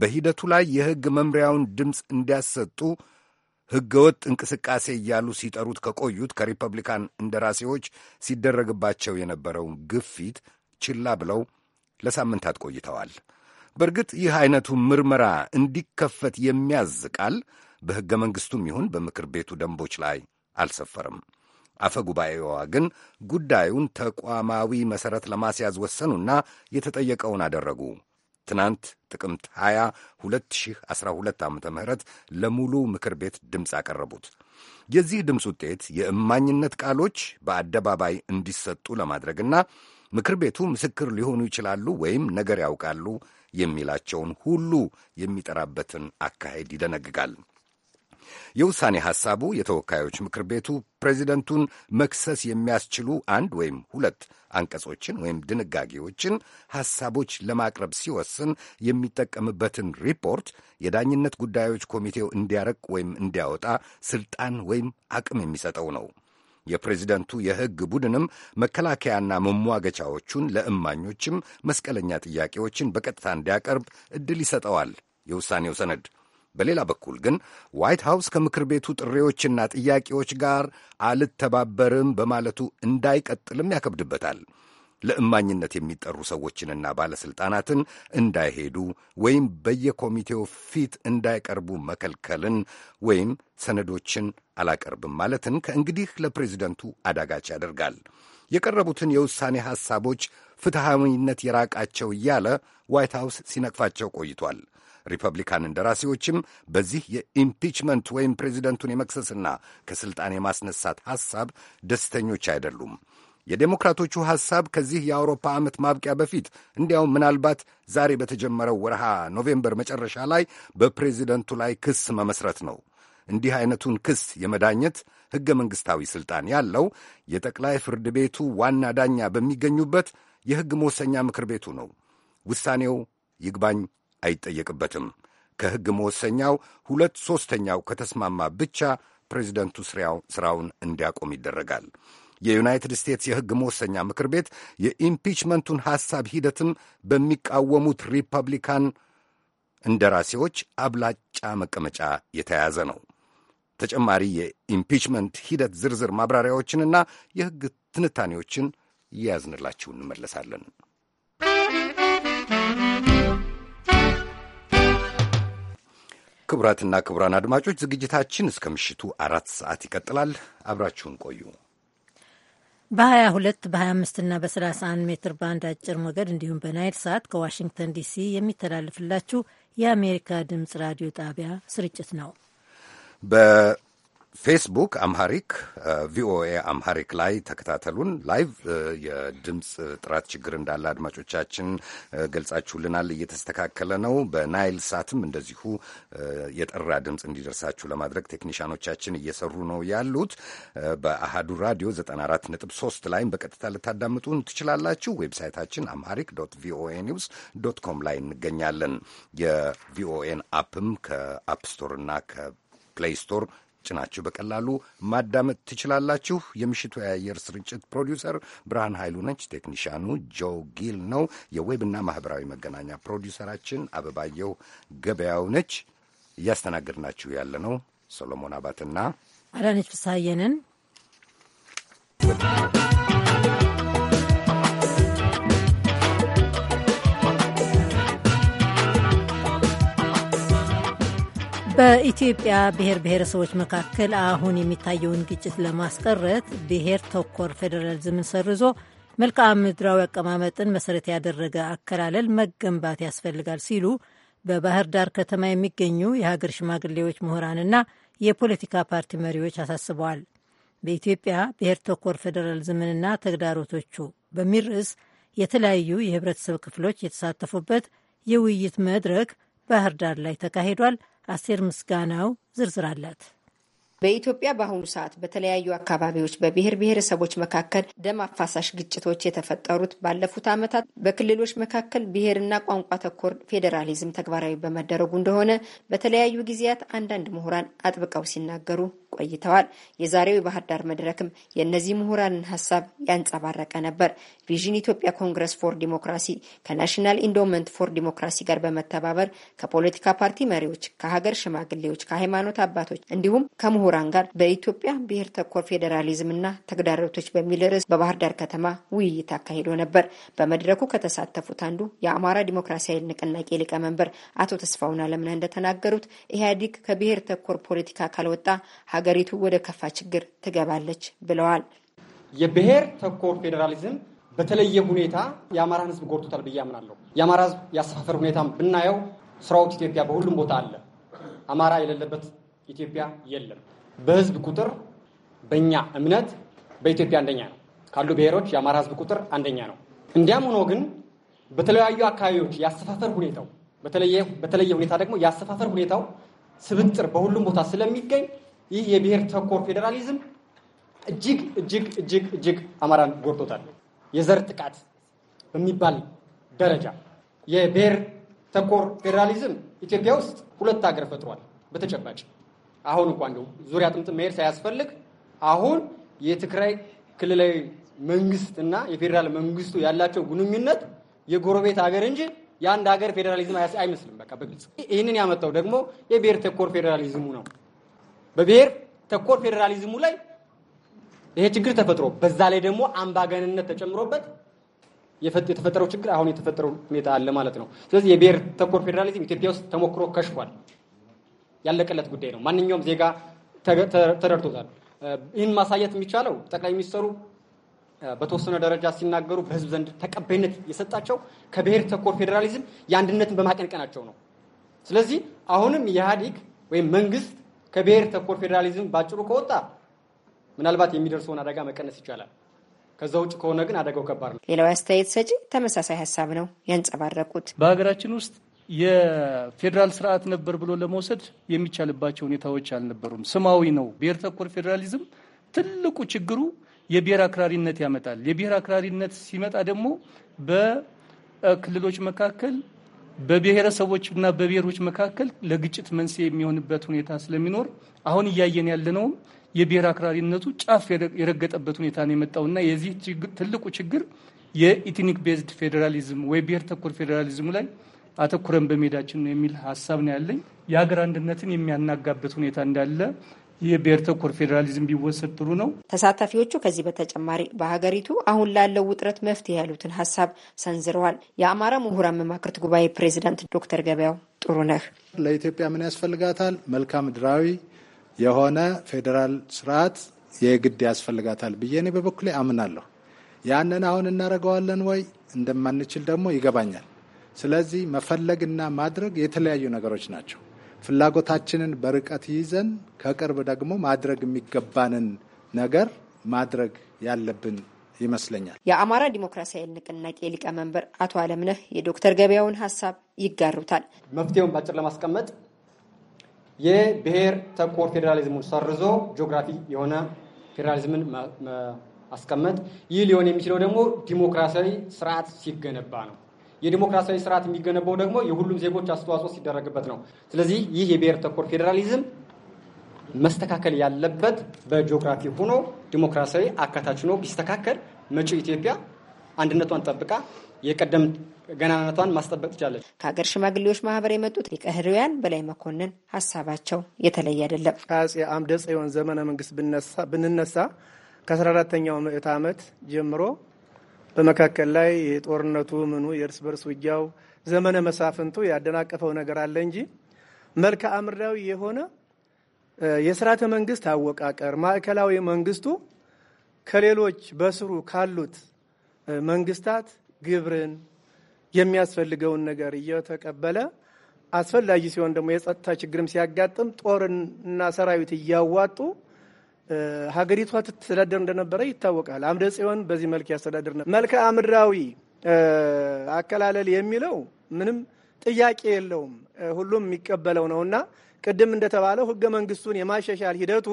በሂደቱ ላይ የሕግ መምሪያውን ድምፅ እንዲያሰጡ ሕገወጥ እንቅስቃሴ እያሉ ሲጠሩት ከቆዩት ከሪፐብሊካን እንደራሴዎች ሲደረግባቸው የነበረውን ግፊት ችላ ብለው ለሳምንታት ቆይተዋል። በእርግጥ ይህ አይነቱ ምርመራ እንዲከፈት የሚያዝ ቃል በሕገ መንግሥቱም ይሁን በምክር ቤቱ ደንቦች ላይ አልሰፈርም። አፈ ጉባኤዋ ግን ጉዳዩን ተቋማዊ መሠረት ለማስያዝ ወሰኑና የተጠየቀውን አደረጉ። ትናንት ጥቅምት 20 2012 ዓ ም ለሙሉ ምክር ቤት ድምፅ አቀረቡት። የዚህ ድምፅ ውጤት የእማኝነት ቃሎች በአደባባይ እንዲሰጡ ለማድረግና ምክር ቤቱ ምስክር ሊሆኑ ይችላሉ ወይም ነገር ያውቃሉ የሚላቸውን ሁሉ የሚጠራበትን አካሄድ ይደነግጋል። የውሳኔ ሐሳቡ የተወካዮች ምክር ቤቱ ፕሬዚደንቱን መክሰስ የሚያስችሉ አንድ ወይም ሁለት አንቀጾችን ወይም ድንጋጌዎችን ሐሳቦች ለማቅረብ ሲወስን የሚጠቀምበትን ሪፖርት የዳኝነት ጉዳዮች ኮሚቴው እንዲያረቅ ወይም እንዲያወጣ ስልጣን ወይም አቅም የሚሰጠው ነው። የፕሬዚደንቱ የሕግ ቡድንም መከላከያና መሟገቻዎቹን ለእማኞችም መስቀለኛ ጥያቄዎችን በቀጥታ እንዲያቀርብ ዕድል ይሰጠዋል። የውሳኔው ሰነድ በሌላ በኩል ግን ዋይት ሃውስ ከምክር ቤቱ ጥሪዎችና ጥያቄዎች ጋር አልተባበርም በማለቱ እንዳይቀጥልም ያከብድበታል። ለእማኝነት የሚጠሩ ሰዎችንና ባለሥልጣናትን እንዳይሄዱ ወይም በየኮሚቴው ፊት እንዳይቀርቡ መከልከልን ወይም ሰነዶችን አላቀርብም ማለትን ከእንግዲህ ለፕሬዚደንቱ አዳጋች ያደርጋል። የቀረቡትን የውሳኔ ሐሳቦች ፍትሐዊነት የራቃቸው እያለ ዋይት ሃውስ ሲነቅፋቸው ቆይቷል። ሪፐብሊካን እንደራሴዎችም በዚህ የኢምፒችመንት ወይም ፕሬዚደንቱን የመክሰስና ከሥልጣን የማስነሳት ሐሳብ ደስተኞች አይደሉም። የዴሞክራቶቹ ሐሳብ ከዚህ የአውሮፓ ዓመት ማብቂያ በፊት እንዲያውም ምናልባት ዛሬ በተጀመረው ወርሃ ኖቬምበር መጨረሻ ላይ በፕሬዚደንቱ ላይ ክስ መመስረት ነው። እንዲህ አይነቱን ክስ የመዳኘት ሕገ መንግሥታዊ ሥልጣን ያለው የጠቅላይ ፍርድ ቤቱ ዋና ዳኛ በሚገኙበት የሕግ መወሰኛ ምክር ቤቱ ነው። ውሳኔው ይግባኝ አይጠየቅበትም። ከሕግ መወሰኛው ሁለት ሦስተኛው ከተስማማ ብቻ ፕሬዚደንቱ ሥራውን እንዲያቆም ይደረጋል። የዩናይትድ ስቴትስ የሕግ መወሰኛ ምክር ቤት የኢምፒችመንቱን ሐሳብ ሂደትም በሚቃወሙት ሪፐብሊካን እንደራሴዎች አብላጫ መቀመጫ የተያዘ ነው። ተጨማሪ የኢምፒችመንት ሂደት ዝርዝር ማብራሪያዎችንና የሕግ ትንታኔዎችን እያያዝንላችሁ እንመለሳለን። ክቡራትና ክቡራን አድማጮች ዝግጅታችን እስከ ምሽቱ አራት ሰዓት ይቀጥላል። አብራችሁን ቆዩ። በ22 በ25ና በ31 ሜትር ባንድ አጭር ሞገድ እንዲሁም በናይል ሰዓት ከዋሽንግተን ዲሲ የሚተላልፍላችሁ የአሜሪካ ድምፅ ራዲዮ ጣቢያ ስርጭት ነው። ፌስቡክ አምሃሪክ ቪኦኤ አምሃሪክ ላይ ተከታተሉን። ላይቭ የድምፅ ጥራት ችግር እንዳለ አድማጮቻችን ገልጻችሁልናል። እየተስተካከለ ነው። በናይል ሳትም እንደዚሁ የጠራ ድምፅ እንዲደርሳችሁ ለማድረግ ቴክኒሻኖቻችን እየሰሩ ነው ያሉት። በአሃዱ ራዲዮ 94.3 ላይም በቀጥታ ልታዳምጡን ትችላላችሁ። ዌብሳይታችን አምሃሪክ ዶት ቪኦኤ ኒውስ ዶት ኮም ላይ እንገኛለን። የቪኦኤን አፕም ከአፕ ስቶርና ከፕሌይ ስቶር ጭናችሁ በቀላሉ ማዳመጥ ትችላላችሁ። የምሽቱ የአየር ስርጭት ፕሮዲውሰር ብርሃን ኃይሉ ነች። ቴክኒሻኑ ጆ ጊል ነው። የዌብና ማህበራዊ መገናኛ ፕሮዲውሰራችን አበባየው ገበያው ነች። እያስተናገድናችሁ ያለ ነው ሶሎሞን አባትና አዳነች ፍስሐየንን። በኢትዮጵያ ብሔር ብሔረሰቦች መካከል አሁን የሚታየውን ግጭት ለማስቀረት ብሔር ተኮር ፌዴራሊዝምን ሰርዞ መልክዓ ምድራዊ አቀማመጥን መሰረት ያደረገ አከላለል መገንባት ያስፈልጋል ሲሉ በባህር ዳር ከተማ የሚገኙ የሀገር ሽማግሌዎች፣ ምሁራንና የፖለቲካ ፓርቲ መሪዎች አሳስበዋል። በኢትዮጵያ ብሔር ተኮር ፌዴራሊዝምንና ተግዳሮቶቹ በሚል ርዕስ የተለያዩ የህብረተሰብ ክፍሎች የተሳተፉበት የውይይት መድረክ ባህር ዳር ላይ ተካሂዷል። አስቴር ምስጋናው ዝርዝር አላት። በኢትዮጵያ በአሁኑ ሰዓት በተለያዩ አካባቢዎች በብሔር ብሔረሰቦች መካከል ደም አፋሳሽ ግጭቶች የተፈጠሩት ባለፉት ዓመታት በክልሎች መካከል ብሔርና ቋንቋ ተኮር ፌዴራሊዝም ተግባራዊ በመደረጉ እንደሆነ በተለያዩ ጊዜያት አንዳንድ ምሁራን አጥብቀው ሲናገሩ ቆይተዋል። የዛሬው የባህር ዳር መድረክም የእነዚህ ምሁራንን ሀሳብ ያንጸባረቀ ነበር። ቪዥን ኢትዮጵያ ኮንግረስ ፎር ዲሞክራሲ ከናሽናል ኢንዶመንት ፎር ዲሞክራሲ ጋር በመተባበር ከፖለቲካ ፓርቲ መሪዎች፣ ከሀገር ሽማግሌዎች፣ ከሃይማኖት አባቶች እንዲሁም ከምሁራን ጋር በኢትዮጵያ ብሔር ተኮር ፌዴራሊዝም እና ተግዳሮቶች በሚል ርዕስ በባህር ዳር ከተማ ውይይት አካሂዶ ነበር። በመድረኩ ከተሳተፉት አንዱ የአማራ ዲሞክራሲያዊ ንቅናቄ ሊቀመንበር አቶ ተስፋውን አለምነህ እንደተናገሩት ኢህአዲግ ከብሔር ተኮር ፖለቲካ ካልወጣ ሀገሪቱ ወደ ከፋ ችግር ትገባለች ብለዋል። የብሔር ተኮር ፌዴራሊዝም በተለየ ሁኔታ የአማራን ህዝብ ጎድቶታል ብዬ አምናለሁ። የአማራ ህዝብ ያሰፋፈር ሁኔታም ብናየው ስራዎች ኢትዮጵያ በሁሉም ቦታ አለ። አማራ የሌለበት ኢትዮጵያ የለም። በህዝብ ቁጥር በእኛ እምነት በኢትዮጵያ አንደኛ ነው። ካሉ ብሔሮች የአማራ ህዝብ ቁጥር አንደኛ ነው። እንዲያም ሆኖ ግን በተለያዩ አካባቢዎች የአሰፋፈር ሁኔታው በተለየ ሁኔታ ደግሞ የአሰፋፈር ሁኔታው ስብጥር በሁሉም ቦታ ስለሚገኝ ይህ የብሔር ተኮር ፌዴራሊዝም እጅግ እጅግ እጅግ እጅግ አማራን ጎድቶታል። የዘር ጥቃት በሚባል ደረጃ የብሔር ተኮር ፌዴራሊዝም ኢትዮጵያ ውስጥ ሁለት ሀገር ፈጥሯል። በተጨባጭ አሁን እንኳ እንደው ዙሪያ ጥምጥም መሄድ ሳያስፈልግ አሁን የትግራይ ክልላዊ መንግስት እና የፌዴራል መንግስቱ ያላቸው ግንኙነት የጎረቤት ሀገር እንጂ የአንድ ሀገር ፌዴራሊዝም አይመስልም። በቃ በግልጽ ይህንን ያመጣው ደግሞ የብሔር ተኮር ፌዴራሊዝሙ ነው። በብሔር ተኮር ፌዴራሊዝሙ ላይ ይሄ ችግር ተፈጥሮ በዛ ላይ ደግሞ አምባገንነት ተጨምሮበት የተፈጠረው ችግር አሁን የተፈጠረው ሁኔታ አለ ማለት ነው። ስለዚህ የብሔር ተኮር ፌዴራሊዝም ኢትዮጵያ ውስጥ ተሞክሮ ከሽፏል። ያለቀለት ጉዳይ ነው። ማንኛውም ዜጋ ተረድቶታል። ይህን ማሳየት የሚቻለው ጠቅላይ ሚኒስትሩ በተወሰነ ደረጃ ሲናገሩ በህዝብ ዘንድ ተቀባይነት የሰጣቸው ከብሔር ተኮር ፌዴራሊዝም የአንድነትን በማቀንቀናቸው ነው። ስለዚህ አሁንም የኢህአዴግ ወይም መንግስት ከብሔር ተኮር ፌዴራሊዝም ባጭሩ ከወጣ ምናልባት የሚደርሰውን አደጋ መቀነስ ይቻላል። ከዛ ውጭ ከሆነ ግን አደጋው ከባድ ነው። ሌላው አስተያየት ሰጪ ተመሳሳይ ሀሳብ ነው ያንጸባረቁት። በሀገራችን ውስጥ የፌዴራል ስርዓት ነበር ብሎ ለመውሰድ የሚቻልባቸው ሁኔታዎች አልነበሩም። ስማዊ ነው። ብሔር ተኮር ፌዴራሊዝም ትልቁ ችግሩ የብሔር አክራሪነት ያመጣል። የብሔር አክራሪነት ሲመጣ ደግሞ በክልሎች መካከል በብሔረሰቦችና በብሔሮች መካከል ለግጭት መንስኤ የሚሆንበት ሁኔታ ስለሚኖር አሁን እያየን ያለነውም የብሔር አክራሪነቱ ጫፍ የረገጠበት ሁኔታ ነው የመጣውና የዚህ ትልቁ ችግር የኢትኒክ ቤዝድ ፌዴራሊዝም ወይ ብሔር ተኮር ፌዴራሊዝሙ ላይ አተኩረን በመሄዳችን ነው የሚል ሀሳብ ነው ያለኝ። የሀገር አንድነትን የሚያናጋበት ሁኔታ እንዳለ ይህ ብሔር ተኮር ፌዴራሊዝም ቢወሰድ ጥሩ ነው። ተሳታፊዎቹ ከዚህ በተጨማሪ በሀገሪቱ አሁን ላለው ውጥረት መፍትሄ ያሉትን ሀሳብ ሰንዝረዋል። የአማራ ምሁራን መማክርት ጉባኤ ፕሬዚዳንት ዶክተር ገበያው ጥሩ ነህ ለኢትዮጵያ ምን ያስፈልጋታል? መልካም ምድራዊ የሆነ ፌዴራል ስርዓት የግድ ያስፈልጋታል ብዬ እኔ በበኩሌ አምናለሁ። ያንን አሁን እናደርገዋለን ወይ እንደማንችል ደግሞ ይገባኛል። ስለዚህ መፈለግና ማድረግ የተለያዩ ነገሮች ናቸው። ፍላጎታችንን በርቀት ይዘን ከቅርብ ደግሞ ማድረግ የሚገባንን ነገር ማድረግ ያለብን ይመስለኛል። የአማራ ዲሞክራሲያዊ ንቅናቄ ሊቀመንበር አቶ አለምነህ የዶክተር ገበያውን ሀሳብ ይጋሩታል። መፍትሄውን ባጭር ለማስቀመጥ የብሔር ተኮር ፌዴራሊዝሙን ሰርዞ ጂኦግራፊ የሆነ ፌዴራሊዝምን ማስቀመጥ። ይህ ሊሆን የሚችለው ደግሞ ዲሞክራሲያዊ ስርዓት ሲገነባ ነው። የዲሞክራሲያዊ ስርዓት የሚገነባው ደግሞ የሁሉም ዜጎች አስተዋጽኦ ሲደረግበት ነው። ስለዚህ ይህ የብሔር ተኮር ፌዴራሊዝም መስተካከል ያለበት በጂኦግራፊ ሆኖ ዲሞክራሲያዊ አካታች ሆኖ ቢስተካከል መጪው ኢትዮጵያ አንድነቷን ጠብቃ የቀደምት ገናናቷን ማስጠበቅ ትችላለች። ከሀገር ሽማግሌዎች ማህበር የመጡት ሊቀ በላይ መኮንን ሀሳባቸው የተለየ አይደለም። ከአጼ አምደ ጽዮን ዘመነ መንግስት ብንነሳ ከአስራ አራተኛው ምዕት ዓመት ጀምሮ በመካከል ላይ የጦርነቱ ምኑ የእርስ በርስ ውጊያው ዘመነ መሳፍንቱ ያደናቀፈው ነገር አለ እንጂ መልክዓ ምድራዊ የሆነ የስርዓተ መንግስት አወቃቀር ማዕከላዊ መንግስቱ ከሌሎች በስሩ ካሉት መንግስታት ግብርን የሚያስፈልገውን ነገር እየተቀበለ አስፈላጊ ሲሆን ደግሞ የጸጥታ ችግርም ሲያጋጥም ጦርና ሰራዊት እያዋጡ ሀገሪቷ ትተዳደር እንደነበረ ይታወቃል። አምደ ጽዮን በዚህ መልክ ያስተዳድር ነበር። መልክዓ ምድራዊ አከላለል የሚለው ምንም ጥያቄ የለውም፣ ሁሉም የሚቀበለው እና ቅድም እንደተባለው ህገ መንግስቱን የማሻሻል ሂደቱ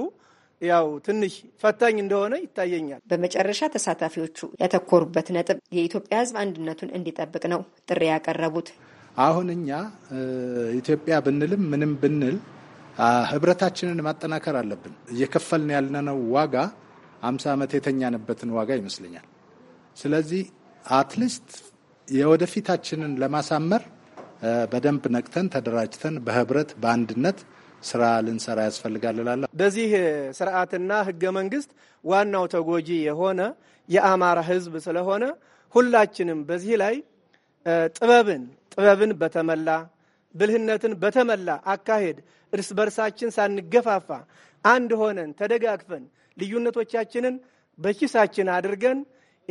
ያው ትንሽ ፈታኝ እንደሆነ ይታየኛል። በመጨረሻ ተሳታፊዎቹ ያተኮሩበት ነጥብ የኢትዮጵያ ህዝብ አንድነቱን እንዲጠብቅ ነው ጥሪ ያቀረቡት። አሁን እኛ ኢትዮጵያ ብንልም ምንም ብንል ህብረታችንን ማጠናከር አለብን። እየከፈልን ያለነው ዋጋ አምሳ ዓመት የተኛንበትን ዋጋ ይመስለኛል። ስለዚህ አትሊስት የወደፊታችንን ለማሳመር በደንብ ነቅተን ተደራጅተን በህብረት በአንድነት ስራ ልንሰራ ያስፈልጋል እላለሁ። በዚህ ስርዓትና ህገ መንግስት ዋናው ተጎጂ የሆነ የአማራ ህዝብ ስለሆነ ሁላችንም በዚህ ላይ ጥበብን ጥበብን በተመላ ብልህነትን በተመላ አካሄድ እርስ በርሳችን ሳንገፋፋ አንድ ሆነን ተደጋግፈን ልዩነቶቻችንን በኪሳችን አድርገን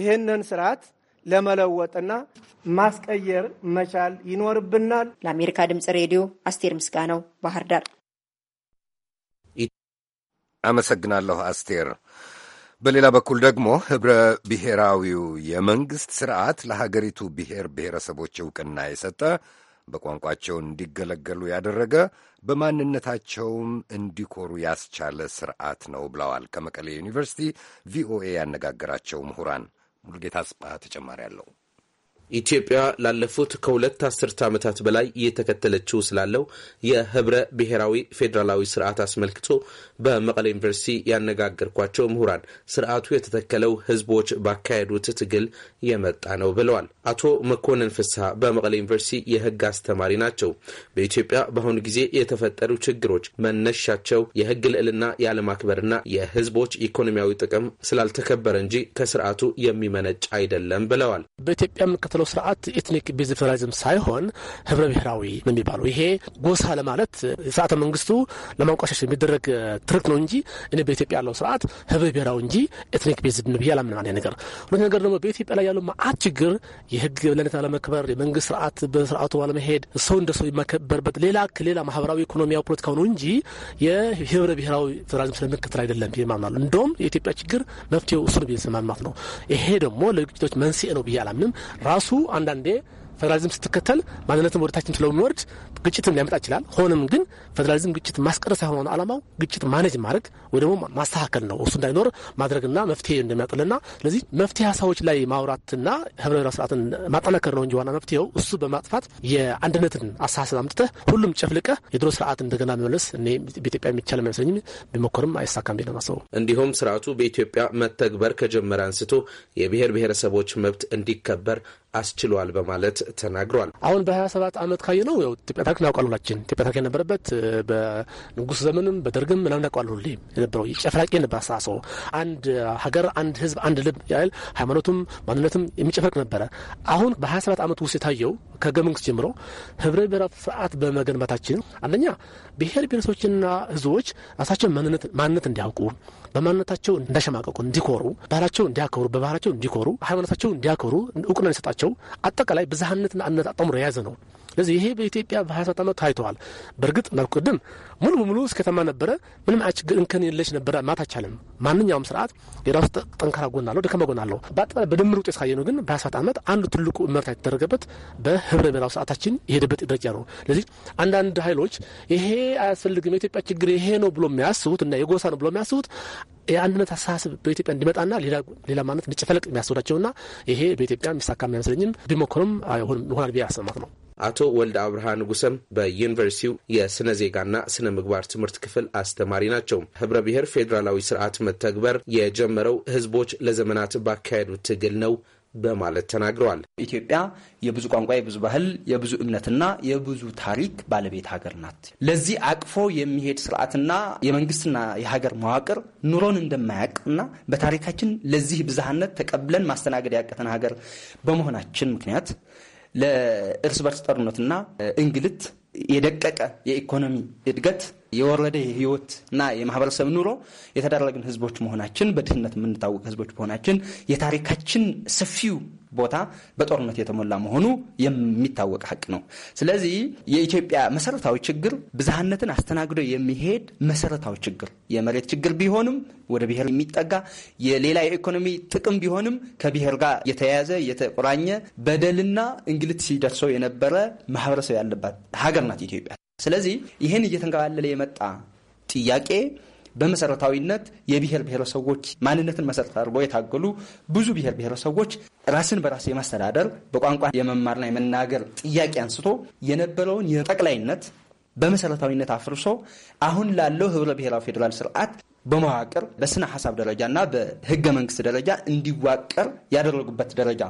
ይህንን ስርዓት ለመለወጥና ማስቀየር መቻል ይኖርብናል። ለአሜሪካ ድምፅ ሬዲዮ አስቴር ምስጋናው ባህር ዳር። አመሰግናለሁ አስቴር። በሌላ በኩል ደግሞ ኅብረ ብሔራዊው የመንግሥት ስርዓት ለሀገሪቱ ብሔር ብሔረሰቦች ዕውቅና የሰጠ በቋንቋቸው እንዲገለገሉ ያደረገ በማንነታቸውም እንዲኮሩ ያስቻለ ስርዓት ነው ብለዋል። ከመቀሌ ዩኒቨርሲቲ ቪኦኤ ያነጋገራቸው ምሁራን ሙሉጌታ አጽባህ ተጨማሪ አለው። ኢትዮጵያ ላለፉት ከሁለት አስርተ ዓመታት በላይ እየተከተለችው ስላለው የህብረ ብሔራዊ ፌዴራላዊ ስርዓት አስመልክቶ በመቀለ ዩኒቨርሲቲ ያነጋገርኳቸው ምሁራን ስርዓቱ የተተከለው ህዝቦች ባካሄዱት ትግል የመጣ ነው ብለዋል። አቶ መኮንን ፍስሐ በመቀለ ዩኒቨርሲቲ የህግ አስተማሪ ናቸው። በኢትዮጵያ በአሁኑ ጊዜ የተፈጠሩ ችግሮች መነሻቸው የህግ ልዕልና ያለማክበርና የህዝቦች ኢኮኖሚያዊ ጥቅም ስላልተከበረ እንጂ ከስርዓቱ የሚመነጭ አይደለም ብለዋል። በኢትዮጵያ የሚባለው ስርዓት ኤትኒክ ቤዝ ሳይሆን ህብረ ብሔራዊ ነው የሚባለው። ይሄ ጎሳ ለማለት ስርዓተ መንግስቱ ለማንቋሻሽ የሚደረግ ትርክ ነው እንጂ እኔ በኢትዮጵያ ያለው ስርዓት ህብረ ብሔራዊ እንጂ ኤትኒክ ቤዝ ነው ብዬ አላምንም። አንዴ ነገር ሁለት ነገር ደግሞ በኢትዮጵያ ላይ ያለው መዓት ችግር የህግ የበላይነት አለመክበር፣ የመንግስት ስርዓት በስርዓቱ አለመሄድ፣ ሰው እንደ ሰው የማከበርበት ሌላ ሌላ ማህበራዊ ኢኮኖሚያዊ ፖለቲካው ነው እንጂ የህብረ ብሔራዊ ፌዴራሊዝም ስለምከተል አይደለም ብዬ ማምናለሁ። እንደውም የኢትዮጵያ ችግር መፍትሄው እሱ ነው ብዬ ስለማምናት ነው። ይሄ ደግሞ ለግጭቶች መንስኤ ነው ብዬ አላምንም ራሱ ራሱ አንዳንዴ ፌዴራሊዝም ስትከተል ማንነትም ወደታችም ስለሚወርድ ግጭትም ሊያመጣ ይችላል። ሆንም ግን ፌዴራሊዝም ግጭት ማስቀረት ሳይሆን አላማው ግጭት ማነጅ ማድረግ ወይ ደግሞ ማስተካከል ነው። እሱ እንዳይኖር ማድረግና መፍትሄ እንደሚያጥልና ስለዚህ መፍትሄ ሀሳቦች ላይ ማውራትና ህብረ ስርዓትን ማጠናከር ነው እንጂ ዋና መፍትሄው እሱ በማጥፋት የአንድነትን አስተሳሰብ አምጥተህ ሁሉም ጨፍልቀ የድሮ ስርዓት እንደገና መመለስ እኔ በኢትዮጵያ የሚቻል አይመስለኝም። ቢሞከርም አይሳካም ብዬ ነው እንዲሁም ስርዓቱ በኢትዮጵያ መተግበር ከጀመረ አንስቶ የብሔር ብሔረሰቦች መብት እንዲከበር አስችሏል በማለት ተናግሯል። አሁን በ27 ዓመት ካየ ነው ኢትዮጵያ ታሪክ እናውቃል ኢትዮጵያ ታሪክ የነበረበት በንጉስ ዘመንም በደርግም ምናምን እናውቃል የነበረው ጨፍላቂ ነበር አስተሳሰቡ። አንድ ሀገር፣ አንድ ህዝብ፣ አንድ ልብ ያህል ሃይማኖቱም ማንነትም የሚጨፈርቅ ነበረ። አሁን በ27 ዓመት ውስጥ የታየው ከህገ መንግስት ጀምሮ ህብረ ብሔራዊ ስርዓት በመገንባታችን አንደኛ ብሔር ብሔረሰቦችና ህዝቦች ራሳቸውን ማንነት እንዲያውቁ በማንነታቸው እንዳሸማቀቁ እንዲኮሩ፣ ባህላቸው እንዲያከብሩ፣ በባህላቸው እንዲኮሩ፣ ሃይማኖታቸው እንዲያከብሩ እውቅና እንዲሰጣቸው አጠቃላይ ብዝሃነትና አንድነት አጣምሮ የያዘ ነው። ስለዚህ ይሄ በኢትዮጵያ በሀያ ሰባት ዓመት ታይተዋል። በእርግጥ መልኩ ቅድም ሙሉ በሙሉ እስከተማ ነበረ ምንም ችግር እንከን የለሽ ነበረ ማለት አይቻልም። ማንኛውም ስርዓት የራሱ ጠንካራ ጎን አለው፣ ደካማ ጎን አለው። በአጠቃላይ በድምር ውጤት ካየ ነው ግን በሀያ ሰባት ዓመት አንዱ ትልቁ እመርታ የተደረገበት በህብረ ብሔራዊ ስርዓታችን የሄደበት ደረጃ ነው። ስለዚህ አንዳንድ ኃይሎች ይሄ አያስፈልግም የኢትዮጵያ ችግር ይሄ ነው ብሎ የሚያስቡት እና የጎሳ ነው ብሎ የሚያስቡት የአንድነት አስተሳሰብ በኢትዮጵያ እንዲመጣና ሌላ ማነት እንዲጨፈለቅ የሚያስወዳቸውና ይሄ በኢትዮጵያ የሚሳካ አይመስለኝም። ቢሞክሩም ይሆናል ብዬ ያሰማት ነው። አቶ ወልደ አብርሃ ንጉሰም በዩኒቨርሲቲው የስነ ዜጋና ስነ ምግባር ትምህርት ክፍል አስተማሪ ናቸው። ህብረ ብሔር ፌዴራላዊ ስርዓት መተግበር የጀመረው ህዝቦች ለዘመናት ባካሄዱት ትግል ነው በማለት ተናግረዋል። ኢትዮጵያ የብዙ ቋንቋ፣ የብዙ ባህል፣ የብዙ እምነትና የብዙ ታሪክ ባለቤት ሀገር ናት። ለዚህ አቅፎ የሚሄድ ስርዓትና የመንግስትና የሀገር መዋቅር ኑሮን እንደማያውቅና በታሪካችን ለዚህ ብዝሃነት ተቀብለን ማስተናገድ ያቀተን ሀገር በመሆናችን ምክንያት ለእርስ በርስ ጦርነትና እንግልት የደቀቀ የኢኮኖሚ እድገት የወረደ የህይወት እና የማህበረሰብ ኑሮ የተዳረግን ህዝቦች መሆናችን በድህነት የምንታወቅ ህዝቦች መሆናችን የታሪካችን ሰፊው ቦታ በጦርነት የተሞላ መሆኑ የሚታወቅ ሀቅ ነው። ስለዚህ የኢትዮጵያ መሰረታዊ ችግር ብዝሃነትን አስተናግዶ የሚሄድ መሰረታዊ ችግር የመሬት ችግር ቢሆንም ወደ ብሔር የሚጠጋ የሌላ የኢኮኖሚ ጥቅም ቢሆንም ከብሔር ጋር የተያያዘ የተቆራኘ በደልና እንግልት ሲደርሰው የነበረ ማህበረሰብ ያለባት ሀገር ናት ኢትዮጵያ። ስለዚህ ይህን እየተንከባለለ የመጣ ጥያቄ በመሰረታዊነት የብሔር ብሔረሰቦች ማንነትን መሰረት አድርጎ የታገሉ ብዙ ብሔር ብሔረሰቦች ራስን በራስ የማስተዳደር በቋንቋ የመማርና የመናገር ጥያቄ አንስቶ የነበረውን የጠቅላይነት በመሰረታዊነት አፍርሶ አሁን ላለው ህብረ ብሔራዊ ፌዴራል ስርዓት በመዋቅር በስነ ሀሳብ ደረጃ በህገ መንግስት ደረጃ እንዲዋቀር ያደረጉበት ደረጃ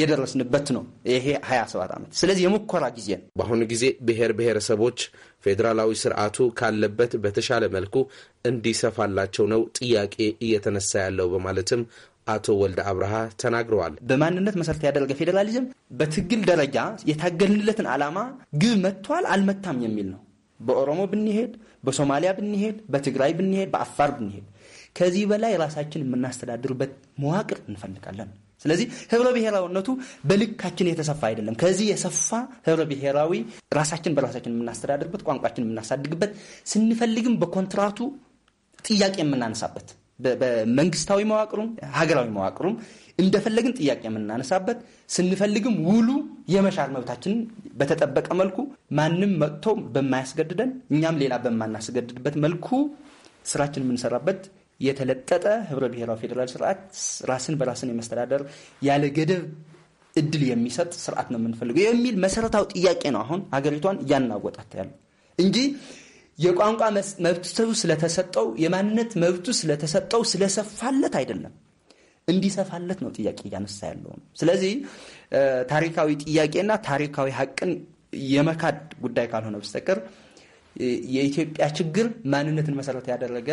የደረስንበት ነው። ይሄ 27 ዓመት ስለዚህ የሙከራ ጊዜ ነው። በአሁኑ ጊዜ ብሔር ብሔረሰቦች ፌዴራላዊ ስርዓቱ ካለበት በተሻለ መልኩ እንዲሰፋላቸው ነው ጥያቄ እየተነሳ ያለው በማለትም አቶ ወልደ አብርሃ ተናግረዋል። በማንነት መሰረት ያደረገ ፌዴራሊዝም በትግል ደረጃ የታገልንለትን ዓላማ ግብ መጥቷል አልመታም የሚል ነው። በኦሮሞ ብንሄድ፣ በሶማሊያ ብንሄድ፣ በትግራይ ብንሄድ፣ በአፋር ብንሄድ ከዚህ በላይ ራሳችን የምናስተዳድርበት መዋቅር እንፈልጋለን። ስለዚህ ህብረ ብሔራዊነቱ በልካችን የተሰፋ አይደለም። ከዚህ የሰፋ ህብረ ብሔራዊ ራሳችን በራሳችን የምናስተዳድርበት ቋንቋችን የምናሳድግበት ስንፈልግም በኮንትራቱ ጥያቄ የምናነሳበት በመንግስታዊ መዋቅሩም ሀገራዊ መዋቅሩም እንደፈለግን ጥያቄ የምናነሳበት ስንፈልግም ውሉ የመሻር መብታችንን በተጠበቀ መልኩ ማንም መጥቶ በማያስገድደን እኛም ሌላ በማናስገድድበት መልኩ ስራችን የምንሰራበት የተለጠጠ ህብረ ብሔራዊ ፌዴራል ስርዓት ራስን በራስን የመስተዳደር ያለ ገደብ እድል የሚሰጥ ስርዓት ነው የምንፈልገው የሚል መሰረታዊ ጥያቄ ነው አሁን ሀገሪቷን እያናወጣት ያለ እንጂ የቋንቋ መብቱ ስለተሰጠው የማንነት መብቱ ስለተሰጠው ስለሰፋለት አይደለም። እንዲሰፋለት ነው ጥያቄ እያነሳ ያለው። ስለዚህ ታሪካዊ ጥያቄና ታሪካዊ ሀቅን የመካድ ጉዳይ ካልሆነ በስተቀር የኢትዮጵያ ችግር ማንነትን መሰረት ያደረገ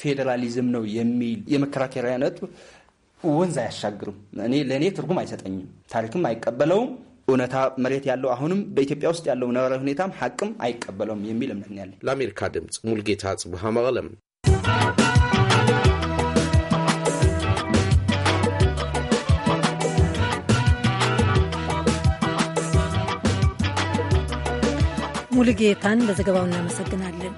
ፌዴራሊዝም ነው የሚል የመከራከሪያ ነጥብ ወንዝ አያሻግርም። እኔ ለእኔ ትርጉም አይሰጠኝም፣ ታሪክም አይቀበለውም። እውነታ መሬት ያለው አሁንም በኢትዮጵያ ውስጥ ያለው ነባራዊ ሁኔታም ሀቅም አይቀበለውም የሚል እምነት ያለ። ለአሜሪካ ድምፅ ሙልጌታ ጽቡሃ መቀለም። ሙልጌታን ለዘገባው እናመሰግናለን።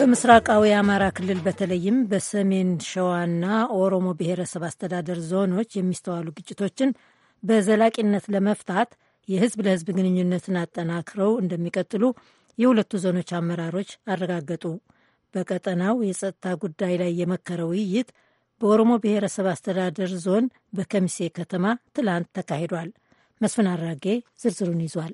በምስራቃዊ የአማራ ክልል በተለይም በሰሜን ሸዋና ኦሮሞ ብሔረሰብ አስተዳደር ዞኖች የሚስተዋሉ ግጭቶችን በዘላቂነት ለመፍታት የህዝብ ለህዝብ ግንኙነትን አጠናክረው እንደሚቀጥሉ የሁለቱ ዞኖች አመራሮች አረጋገጡ። በቀጠናው የጸጥታ ጉዳይ ላይ የመከረ ውይይት በኦሮሞ ብሔረሰብ አስተዳደር ዞን በከሚሴ ከተማ ትላንት ተካሂዷል። መስፍን አራጌ ዝርዝሩን ይዟል።